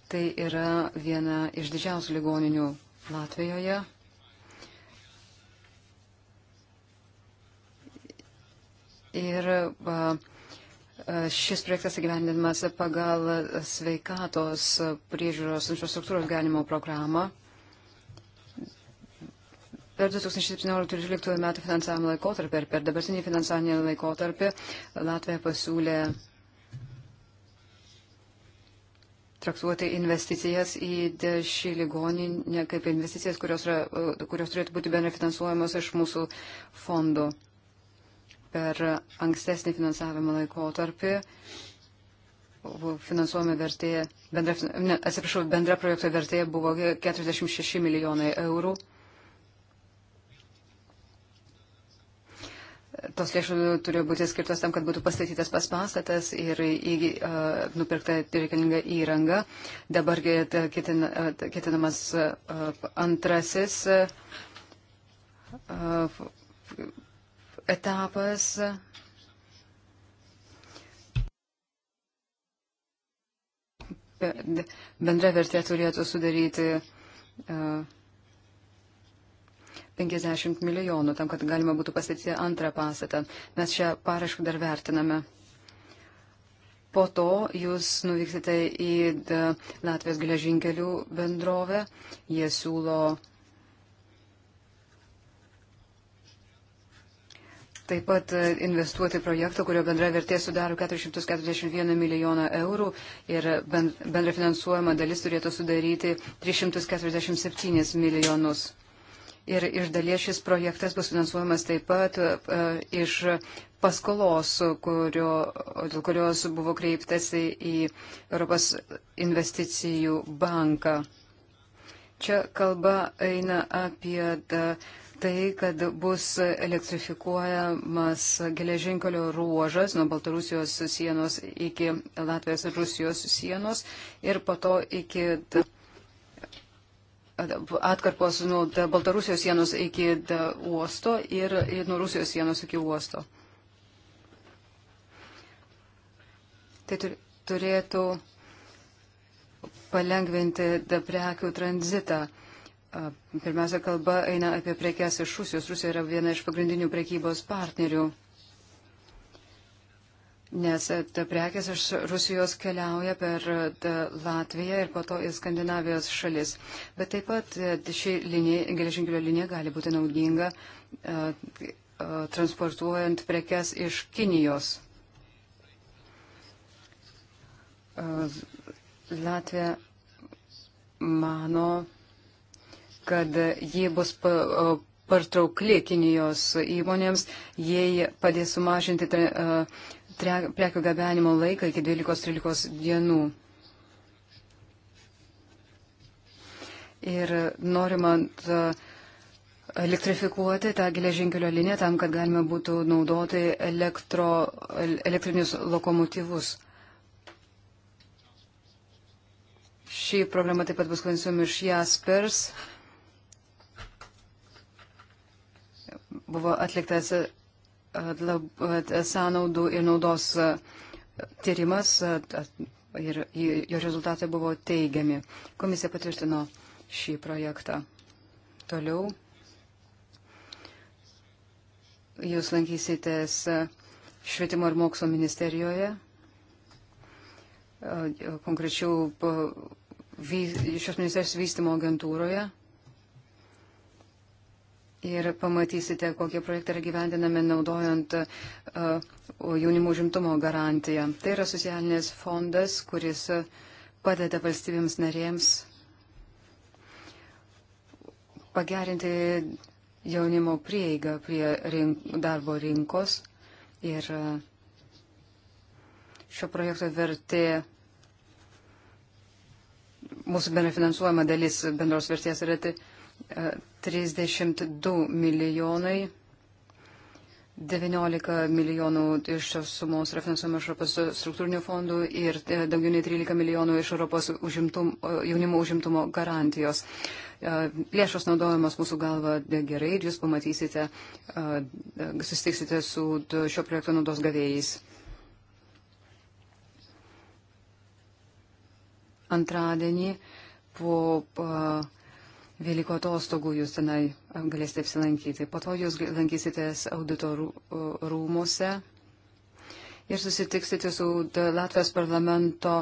Tai yra viena iš didžiausių ligoninių Latvijoje. Ir uh, Šis projektas įgyvendinamas pagal sveikatos priežiūros infrastruktūros galimo programą. Per 2017-2013 metų finansavimo laikotarpį ir per dabartinį finansavinį laikotarpį Latvija pasiūlė traktuoti investicijas į šį ligoninę kaip investicijas, kurios, yra, kurios turėtų būti bendrafinansuojamos iš mūsų fondų per ankstesnį finansavimo laikotarpį finansuojama vertė, bendra, ne, atsiprašau, bendra projekto vertė buvo 46 milijonai eurų. Tos lėšų turėjo būti skirtos tam, kad būtų pastatytas pas pastatas ir į, uh, nupirkta reikalinga įranga. Dabar ketin, uh, ketinamas uh, antrasis uh, etapas. Bendra vertė turėtų sudaryti 50 e, milijonų, tam, kad galima būtų pastatyti antrą pastatą. Mes šią parašką dar vertiname. Po to jūs nuvyksite į Latvijos geležinkelių bendrovę. Jie siūlo Taip pat e, investuoti projektą, kurio bendra vertė sudaro 441 milijoną eurų ir bendra finansuojama dalis turėtų sudaryti 347 milijonus. Ir iš dalies šis projektas bus finansuojamas taip pat uh, iš paskolos, kurio, dėl kurios buvo kreiptasi į Europos investicijų banką. Čia kalba eina apie. Da, e, uh, tai, kad bus elektrifikuojamas geležinkelio ruožas nuo Baltarusijos sienos iki Latvijos ir Rusijos sienos ir po to iki atkarpos nuo Baltarusijos sienos iki uosto ir, ir nuo Rusijos sienos iki uosto. Tai turėtų palengventi prekių tranzitą Pirmiausia, kalba eina apie prekes iš Rusijos. Rusija yra viena iš pagrindinių prekybos partnerių, nes e, ta prekes iš Rusijos keliauja per e, Latviją ir po to į Skandinavijos šalis. Bet taip pat e, ši geležinkelio linija gali būti naudinga transportuojant prekes iš Kinijos. Latvija mano kad ji bus partraukli Kinijos įmonėms, jei padės sumažinti prekių gabenimo laiką iki 12-13 dienų. Ir norima elektrifikuoti tą geležinkelio liniją tam, kad galima būtų naudoti elektro, elektrinius lokomotyvus. Ši problema taip pat bus konsumiš Jaspers. Yes, buvo atliktas e, e, sąnaudų ir naudos e, tyrimas ir jo rezultatai buvo teigiami. Komisija patvirtino šį projektą. Toliau jūs lankysitės Švietimo ir mokslo ministerijoje, konkrečiau šios ministerijos vystimo agentūroje ir pamatysite, kokie projektai yra gyvendinami naudojant uh, jaunimų žimtumo garantiją. Tai yra socialinis fondas, kuris uh, padeda valstybėms narėms pagerinti jaunimo prieigą prie rink, darbo rinkos ir uh, šio projekto vertė mūsų bendrafinansuojama dalis bendros vertės yra tik 32 milijonai 19 milijonų iš šios sumos yra finansuojama iš Europos struktūrinių fondų ir e, daugiau nei 13 milijonų iš Europos užimtum, e, jaunimo užimtumo garantijos. E, lėšos naudojamos mūsų galva gerai ir jūs pamatysite, susitiksite su šio projekto naudos gavėjais. Antradienį po. Uh, Veliko atostogų jūs tenai e, galėsite apsilankyti. Po to jūs lankysitės auditorų rūmose ir susitiksite su Latvijos parlamento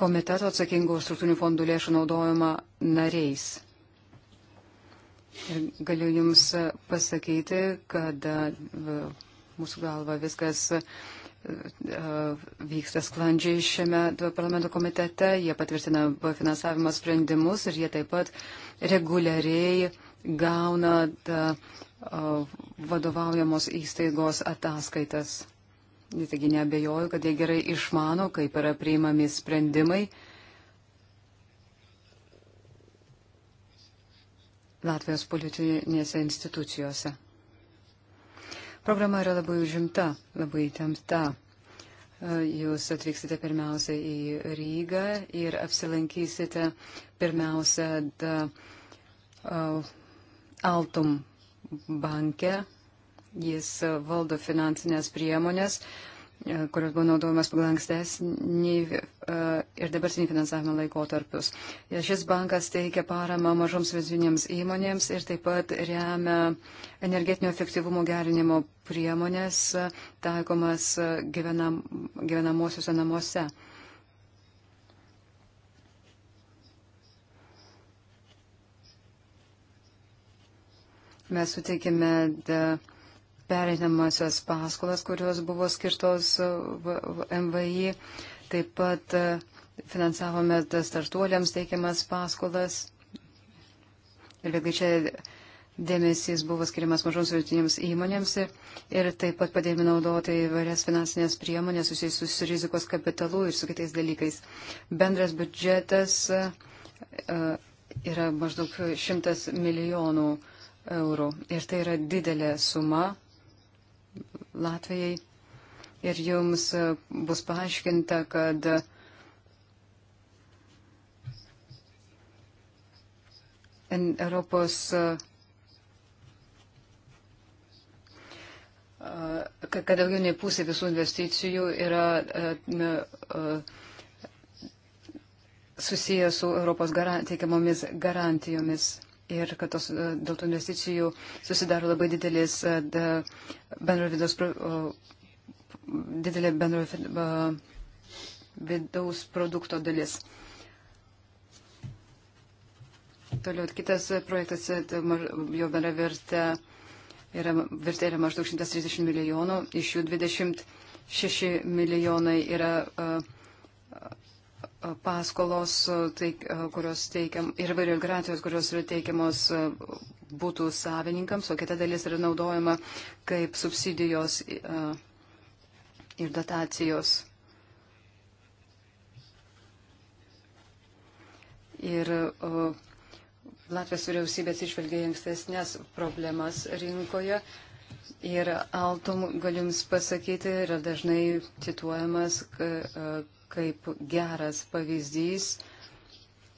komiteto atsakingo už struktūrinių fondų lėšų naudojimą nariais. Ir galiu Jums e, pasakyti, kad e, mūsų galva viskas vyksta sklandžiai šiame parlamento komitete, jie patvirtina finansavimo sprendimus ir jie taip pat reguliariai gauna da, vadovaujamos įstaigos ataskaitas. Taigi nebejoju, kad jie gerai išmano, kaip yra priimami sprendimai. Latvijos politinėse institucijose. Programa yra labai užimta, labai temta. E, Jūs atvyksite pirmiausia į Rygą ir apsilankysite pirmiausia da, uh, Altum banke. Jis valdo finansinės priemonės, e, kurios buvo naudojamas pagal ankstesnį E, ir dabartinį finansavimo laikotarpius. E, šis bankas teikia paramą mažoms vidutinėms įmonėms ir taip pat remia energetinio efektyvumo gerinimo priemonės e, taikomas gyvenam, gyvenamosiuose namuose. Mes suteikėme pereinamasias paskolas, kurios buvo skirtos MVI. Taip pat e, finansavome startuoliams teikiamas paskolas. Ir vėlgi čia dėmesys buvo skiriamas mažoms vidutinėms įmonėms ir taip pat padėjome naudoti įvairias finansinės priemonės susijusius su rizikos kapitalu ir su kitais dalykais. Bendras biudžetas e, e, yra maždaug 100 milijonų eurų ir tai yra didelė suma Latvijai ir jums e, bus paaiškinta, kad e, Europos e, kad daugiau nei pusė visų investicijų yra susijęs su Europos garant, teikiamomis garantijomis ir kad tos, dėl tų investicijų susidaro labai didelis bendro vidaus didelė bendrojo vidaus produkto dalis. Toliau kitas projektas, tai jo bendra vertė yra, vertė yra maždaug 130 milijonų, iš jų 26 milijonai yra paskolos, tai, kurios teikiam, ir vairios garantijos, kurios yra teikiamos būtų savininkams, o kita dalis yra naudojama kaip subsidijos. Uh, ir dotacijos. Ir o, Latvijos vyriausybės išvelgia ankstesnės problemas rinkoje. Ir Altom, galiu Jums pasakyti, yra dažnai cituojamas e, kaip geras pavyzdys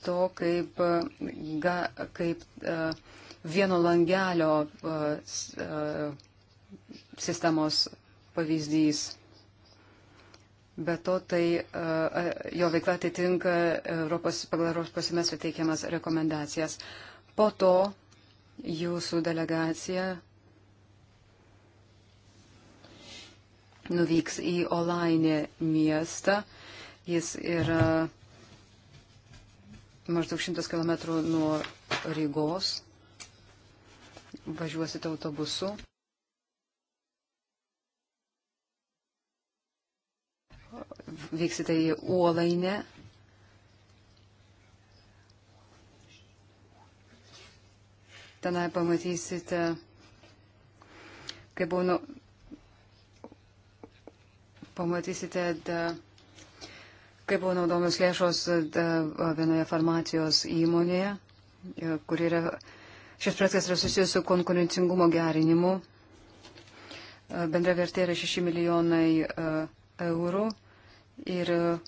to, kaip, ga, kaip e, vieno langelio e, sistemos pavyzdys. Be to, tai e, e, jo veikla atitinka Europos, pagal Europos semestro teikiamas rekomendacijas. Po to jūsų delegacija nuvyks į Olainę miestą. Jis yra maždaug 100 km nuo Rygos. Važiuosite autobusu. vyksite į Uolainę. Tenai pamatysite, kaip buvo, nu, pamatysite, da, kaip buvo naudomis lėšos da, vienoje farmacijos įmonėje, e, kur yra, šis projektas yra susijęs su konkurencingumo gerinimu. E, bendra vertė yra 6 milijonai e, eurų ir e,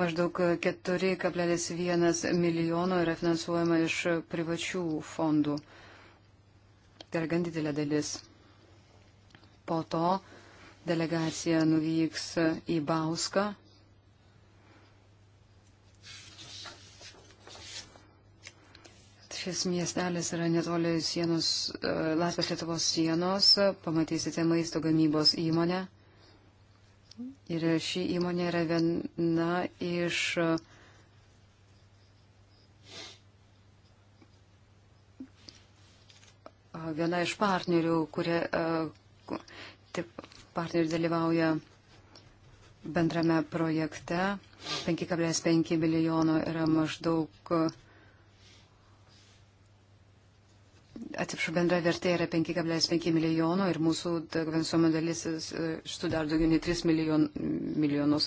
maždaug 4,1 milijono yra finansuojama iš privačių fondų. Tai yra gan didelė dalis. Po to delegacija nuvyks į Bauską Šis miestelis yra netoli sienos, e, Latvijos Lietuvos sienos, pamatysite maisto gamybos įmonę. Ir ši įmonė yra viena iš e, viena iš partnerių, kurie e, taip, partnerių dalyvauja bendrame projekte. 5,5 milijono yra maždaug atsiprašau, bendra vertė yra 5,5 milijono ir mūsų kompensuojama dalis sudaro daugiau nei 3 milijon, milijonus.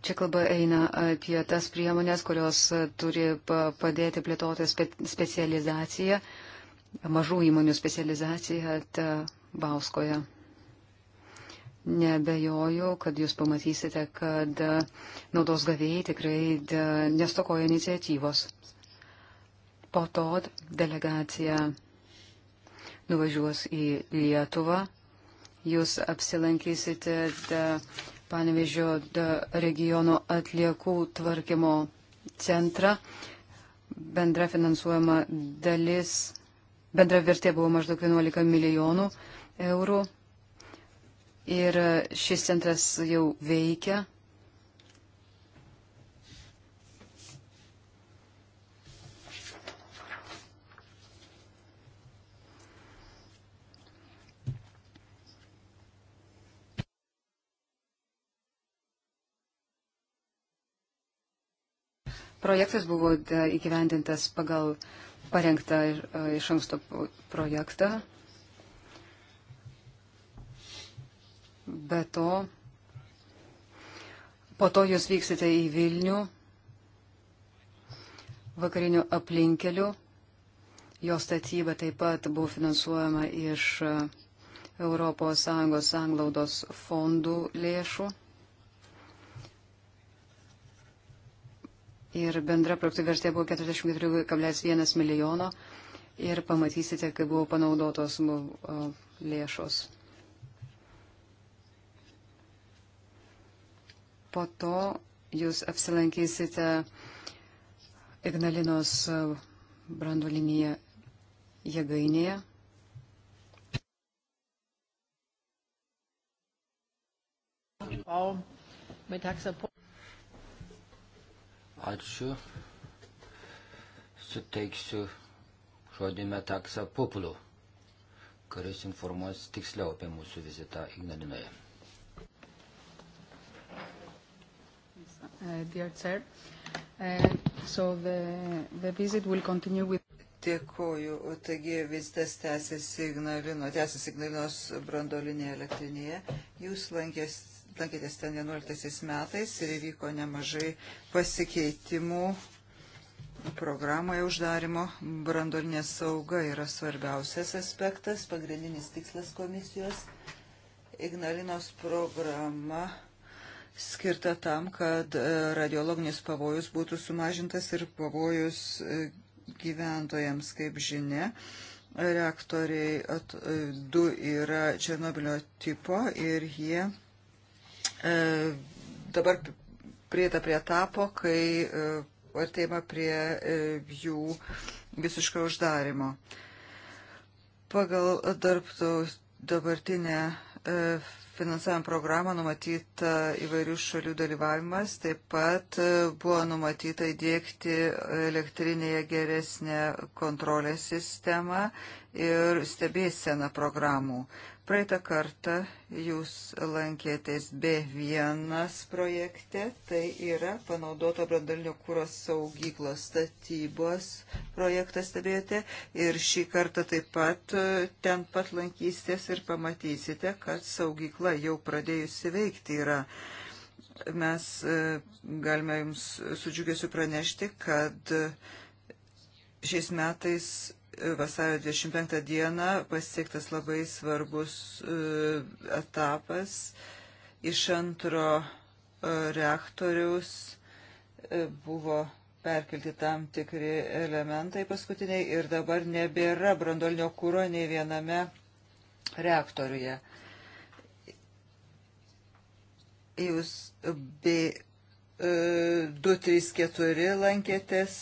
Čia kalba eina apie tas priemonės, kurios turi padėti plėtoti spe, specializaciją, mažų įmonių specializaciją Bauskoje. Nebejoju, kad jūs pamatysite, kad naudos gavėjai tikrai nestokoja iniciatyvos. Po to delegacija nuvažiuos į Lietuvą. Jūs apsilankysite Panevežio regiono atliekų tvarkymo centrą. Bendra finansuojama dalis, bendra vertė buvo maždaug 11 milijonų eurų. Ir šis centras jau veikia. Projektas buvo įgyvendintas pagal parengtą e, iš anksto projektą. Be to, po to jūs vyksite į Vilnių vakarinių aplinkelių. Jo statyba taip pat buvo finansuojama iš ES sanglaudos fondų lėšų. ir bendra projektų vertė buvo 44,1 milijono ir pamatysite, kaip buvo panaudotos lėšos. Po to jūs apsilankysite Ignalinos branduolinėje jėgainėje. Mittagsapparat. Ačiū. Suteiksiu žodį Metaksą Puplų, kuris informuos tiksliau apie mūsų vizitą Ignalinoje. Uh, dear Chair, uh, so the, the visit will continue with Dėkoju. Taigi vizitas tęsiasi Ignalino, tęsiasi Ignalinos brandolinėje elektrinėje. Jūs lankės, lankėtės ten 11 metais ir įvyko nemažai pasikeitimų programoje uždarimo. Brandolinė sauga yra svarbiausias aspektas, pagrindinis tikslas komisijos. Ignalinos programa skirta tam, kad e, radiologinis pavojus būtų sumažintas ir pavojus e, gyventojams, kaip žinia reaktoriai at, e, du yra Černobilio tipo ir jie E, dabar prieita prie etapo, kai e, artėjama prie e, jų visiško uždarimo. Pagal darbtaus dabartinę finansavimo programą numatyta įvairių šalių dalyvavimas, taip pat buvo numatyta įdėkti elektrinėje geresnę kontrolės sistemą ir stebėseną programų. Praeitą kartą jūs lankėtės B1 projekte, tai yra panaudoto brandalinio kūros saugyklos statybos projektą stebėjote ir šį kartą taip pat e, ten pat lankysitės ir pamatysite, kad saugykla jau pradėjusi veikti yra. Mes e, galime jums su džiugesiu pranešti, kad e, šiais metais vasario 25 dieną pasiektas labai svarbus e, etapas iš antro e, reaktoriaus e, buvo perkelti tam tikri elementai paskutiniai ir dabar nebėra brandolinio kūro nei viename reaktoriuje. Jūs B234 lankėtės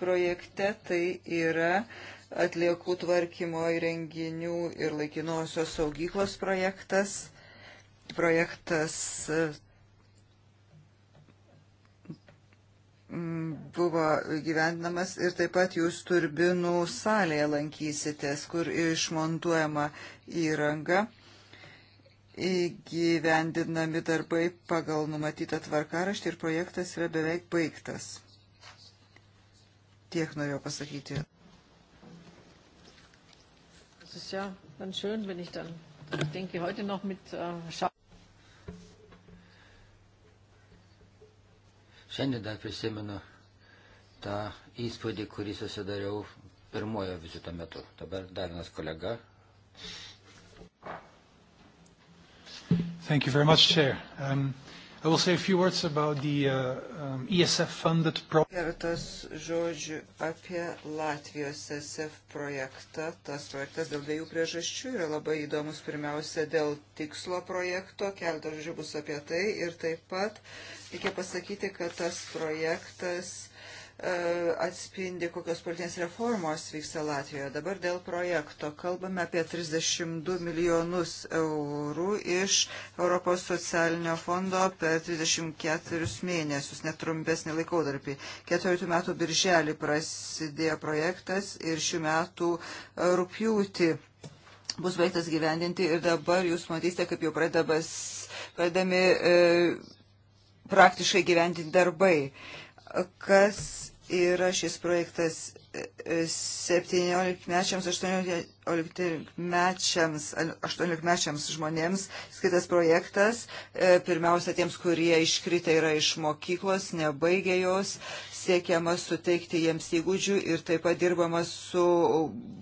projekte, tai yra atliekų tvarkymo įrenginių ir laikinosios saugyklos projektas. Projektas mm, buvo gyvendinamas ir taip pat jūs turbinų salėje lankysitės, kur išmontuojama įranga įgyvendinami darbai pagal numatytą tvarkaraštį ir projektas yra beveik baigtas. Tiek norėjau pasakyti. Das ist ja dann schön, wenn ich dann, ich denke, heute noch mit äh, Scha Šiandien dar prisimenu tą įspūdį, kurį susidariau pirmojo vizito metu. Dabar dar vienas kolega. Thank you very much, Chair. Um... I will say a few words about the uh, um, ESF-funded project. Keletas žodžių apie Latvijos ESF projektą. Tas projektas dėl dviejų priežasčių yra labai įdomus. Pirmiausia, dėl tikslo projekto, keletas žodžių bus apie tai. Ir taip pat reikia pasakyti, kad tas projektas E, atspindi, kokios politinės reformos vyksta Latvijoje. Dabar dėl projekto kalbame apie 32 milijonus eurų iš Europos socialinio fondo per 34 mėnesius, net trumpesnį laikotarpį. 14 metų birželį prasidėjo projektas ir šių metų rūpjūti bus baigtas gyvendinti ir dabar jūs matysite, kaip jau pradedami e, praktiškai gyvendinti darbai. Kas yra šis projektas 17-mečiams, 18-mečiams 18 žmonėms skirtas projektas. E, pirmiausia, tiems, kurie iškritę yra iš mokyklos, nebaigė jos, siekiama suteikti jiems įgūdžių ir taip pat dirbama su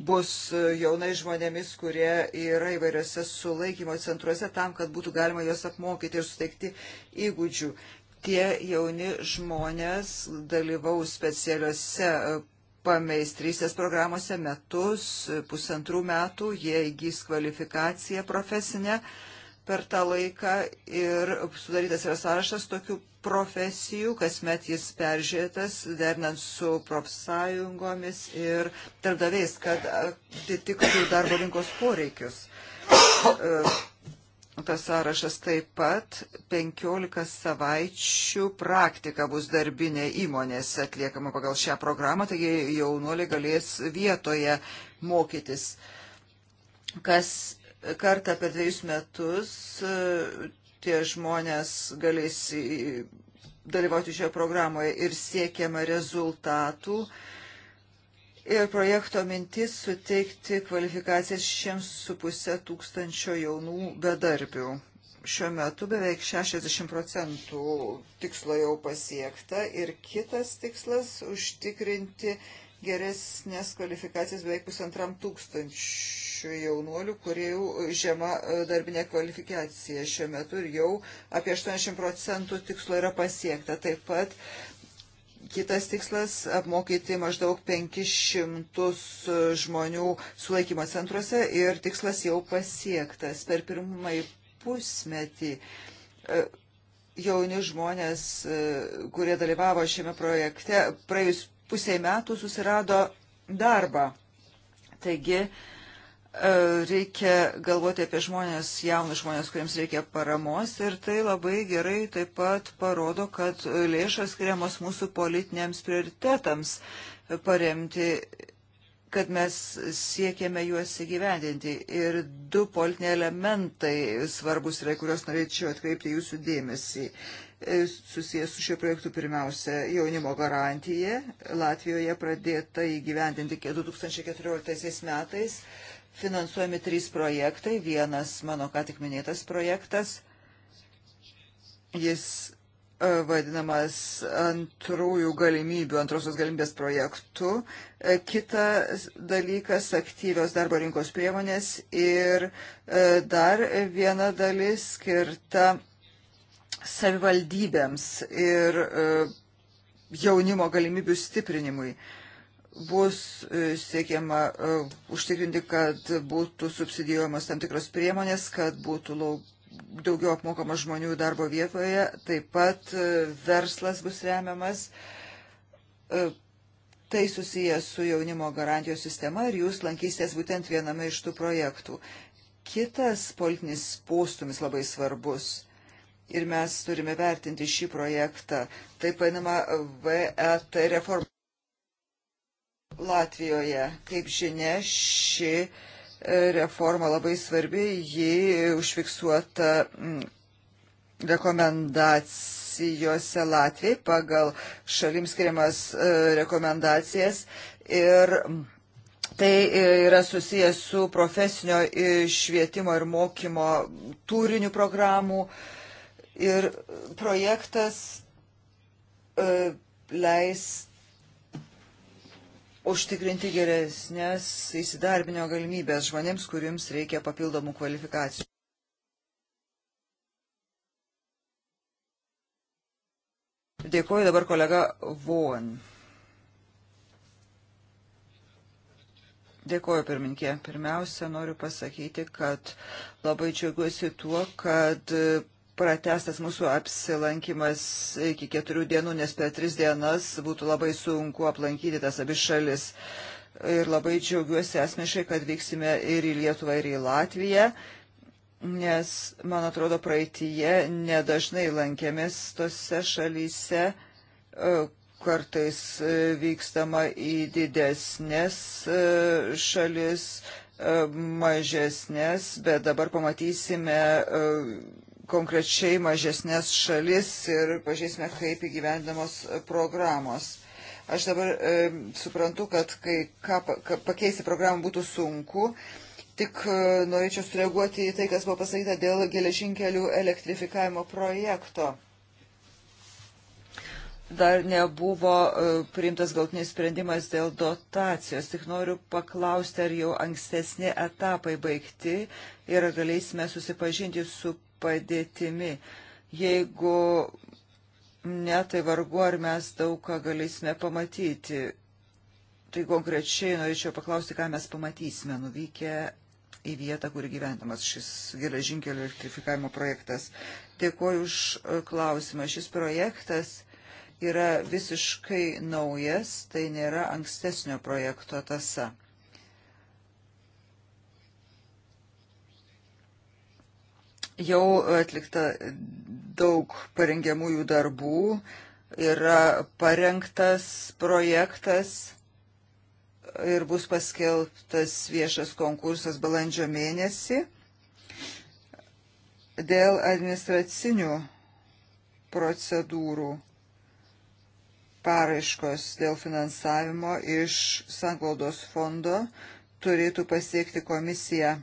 bus jaunai žmonėmis, kurie yra įvairiose sulaikymo centruose tam, kad būtų galima juos apmokyti ir suteikti įgūdžių tie jauni žmonės dalyvaus specialiuose e, pameistrystės programuose metus, pusantrų metų, jie įgys kvalifikaciją profesinę per tą laiką ir sudarytas yra sąrašas tokių profesijų, kasmet jis peržiūrėtas, dernant su profsąjungomis ir darbdaviais, kad atitiktų darbo rinkos poreikius. E, tas sąrašas taip pat 15 savaičių praktika bus darbinė įmonės atliekama pagal šią programą, taigi jaunuoliai galės vietoje mokytis. Kas kartą per dviejus metus e, tie žmonės galės dalyvauti šioje programoje ir siekiama rezultatų. Uh, Ir projekto mintis suteikti kvalifikacijas šiems su pusė tūkstančio jaunų bedarbių. Šiuo metu beveik 60 procentų tikslo jau pasiekta ir kitas tikslas - užtikrinti geresnės kvalifikacijas beveik pusantram tūkstančių jaunuolių, kurie jau žema e, darbinė kvalifikacija šiuo metu ir jau apie 80 procentų tikslo yra pasiekta. Taip pat Kitas tikslas - apmokyti maždaug 500 žmonių sulaikymo centruose ir tikslas jau pasiektas. Per pirmąjį pusmetį e, jauni žmonės, e, kurie dalyvavo šiame projekte, praėjus pusiai metų susirado darbą. Taigi, uh, E, reikia galvoti apie žmonės, jaunus žmonės, kuriems reikia paramos ir tai labai gerai taip pat parodo, kad lėšas skiriamos mūsų politiniams prioritetams paremti, kad mes siekiame juos įgyvendinti. Ir du politiniai elementai svarbus yra, kuriuos norėčiau atkreipti jūsų dėmesį e, susijęs su šiuo projektu pirmiausia jaunimo garantija. Latvijoje pradėta įgyvendinti 2014 metais finansuojami trys projektai. Vienas mano ką tik minėtas projektas. Jis e, vadinamas antrųjų galimybių, antrosios galimybės projektų. E, kitas dalykas - aktyvios darbo rinkos priemonės ir e, dar viena dalis skirta savivaldybėms ir jaunimo galimybių stiprinimui bus e, siekiama e, užtikrinti, kad būtų subsidijuojamas tam tikros priemonės, kad būtų lauk, daugiau apmokama žmonių darbo vietoje, taip pat e, verslas bus remiamas. Tai susijęs su jaunimo garantijos sistema ir jūs lankysitės būtent viename iš tų projektų. Kitas politinis postumis labai svarbus ir mes turime vertinti šį projektą, taip vadinama VET reforma. Latvijoje. Kaip žinia, ši e, reforma labai svarbi, ji užfiksuota rekomendacijose Latvijai pagal šalims skiriamas e, rekomendacijas ir Tai e, yra susijęs su profesinio švietimo ir mokymo turinių programų. Ir projektas leis užtikrinti geresnės įsidarbinio galimybės žmonėms, kuriems reikia papildomų kvalifikacijų. Dėkuoju dabar kolega Von. Dėkuoju, pirminkė. Pirmiausia, noriu pasakyti, kad labai džiaugiuosi tuo, kad pratestas mūsų apsilankimas iki keturių dienų, nes per tris dienas būtų labai sunku aplankyti tas abi šalis. Ir labai džiaugiuosi asmeniškai, kad vyksime ir į Lietuvą, ir į Latviją, nes, man atrodo, praeitie nedažnai lankėmės tose šalyse, e, kartais e, vykstama į didesnės e, šalis, mažesnės, bet dabar pamatysime konkrečiai mažesnės šalis ir pažiūrėsime, kaip įgyvendamos programos. Aš dabar e, suprantu, kad kai ką, ką pakeisti programą būtų sunku, tik e, norėčiau sureaguoti į tai, kas buvo pasakyta dėl geležinkelių elektrifikavimo projekto dar nebuvo e, priimtas galtinis sprendimas dėl dotacijos. Tik noriu paklausti, ar jau ankstesni etapai baigti ir galėsime susipažinti su padėtimi. Jeigu ne, tai vargu ar mes daug ką galėsime pamatyti. Tai konkrečiai norėčiau paklausti, ką mes pamatysime nuvykę į vietą, kur gyventamas šis geležinkelio elektrifikavimo projektas. Dėkuoju už e, klausimą. Šis projektas yra visiškai naujas, tai nėra ankstesnio projekto tasa. Jau atlikta daug parengiamųjų darbų, yra parengtas projektas ir bus paskelbtas viešas konkursas balandžio mėnesį dėl administracinių procedūrų paraiškos dėl finansavimo iš Sanglaudos fondo turėtų pasiekti komisiją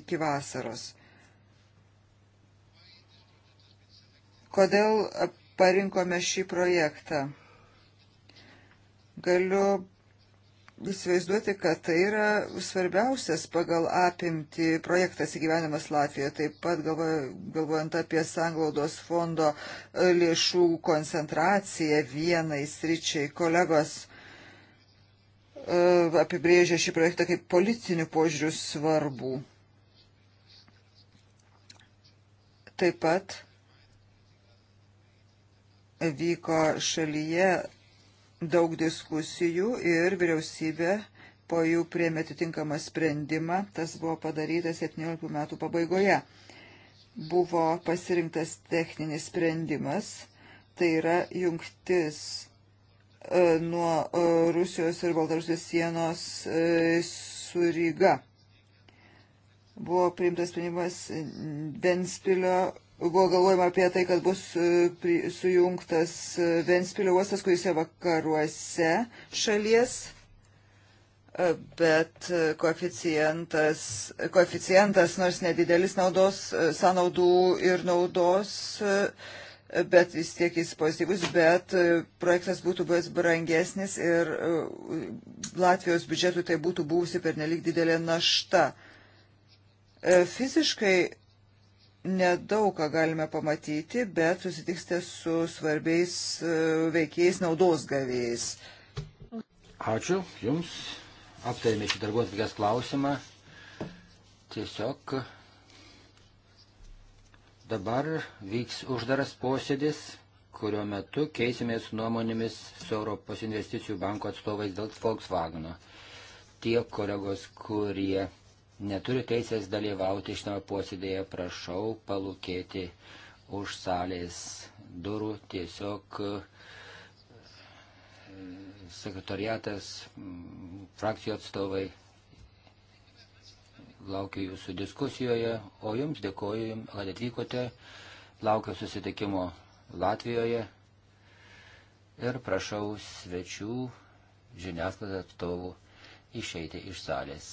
iki vasaros. Kodėl parinkome šį projektą? Galiu įsivaizduoti, kad tai yra svarbiausias pagal apimti projektas įgyvenimas Latvijoje. Taip pat galvojant apie sanglaudos fondo e, lėšų koncentraciją vienai sričiai, kolegos e, apibrėžė šį projektą kaip politinių požiūrių svarbų. Taip pat vyko šalyje daug diskusijų ir vyriausybė po jų priemė atitinkamą sprendimą. Tas buvo padaryta 17 metų pabaigoje. Buvo pasirinktas techninis sprendimas, tai yra jungtis e, nuo e, Rusijos ir Baltarusijos sienos e, su Ryga. Buvo priimtas sprendimas Ventspilio Buvo galvojama apie tai, kad bus e, sujungtas e, Ventspilio uostas, kuris yra vakaruose šalies e, bet koeficientas, koeficientas nors nedidelis naudos, sąnaudų ir naudos, bet vis tiek jis pozityvus, bet projektas būtų buvęs brangesnis ir Latvijos biudžetui tai būtų buvusi per nelik didelė našta. Fiziškai nedaug ką galime pamatyti, bet susitiksite su svarbiais e, veikėjais naudos gavėjais. Ačiū Jums. Aptarėme šį darbos atvykas klausimą. Tiesiog dabar vyks uždaras posėdis, kurio metu keisimės nuomonėmis su Europos investicijų banko atstovais dėl Volkswageno. Tie kolegos, kurie neturi teisės dalyvauti šitame posėdėje, prašau palūkėti už salės durų. Tiesiog e, sekretariatas, frakcijų atstovai laukiu jūsų diskusijoje, o jums dėkoju, kad atvykote, laukiu susitikimo Latvijoje ir prašau svečių žiniasklaidos atstovų išeiti iš salės.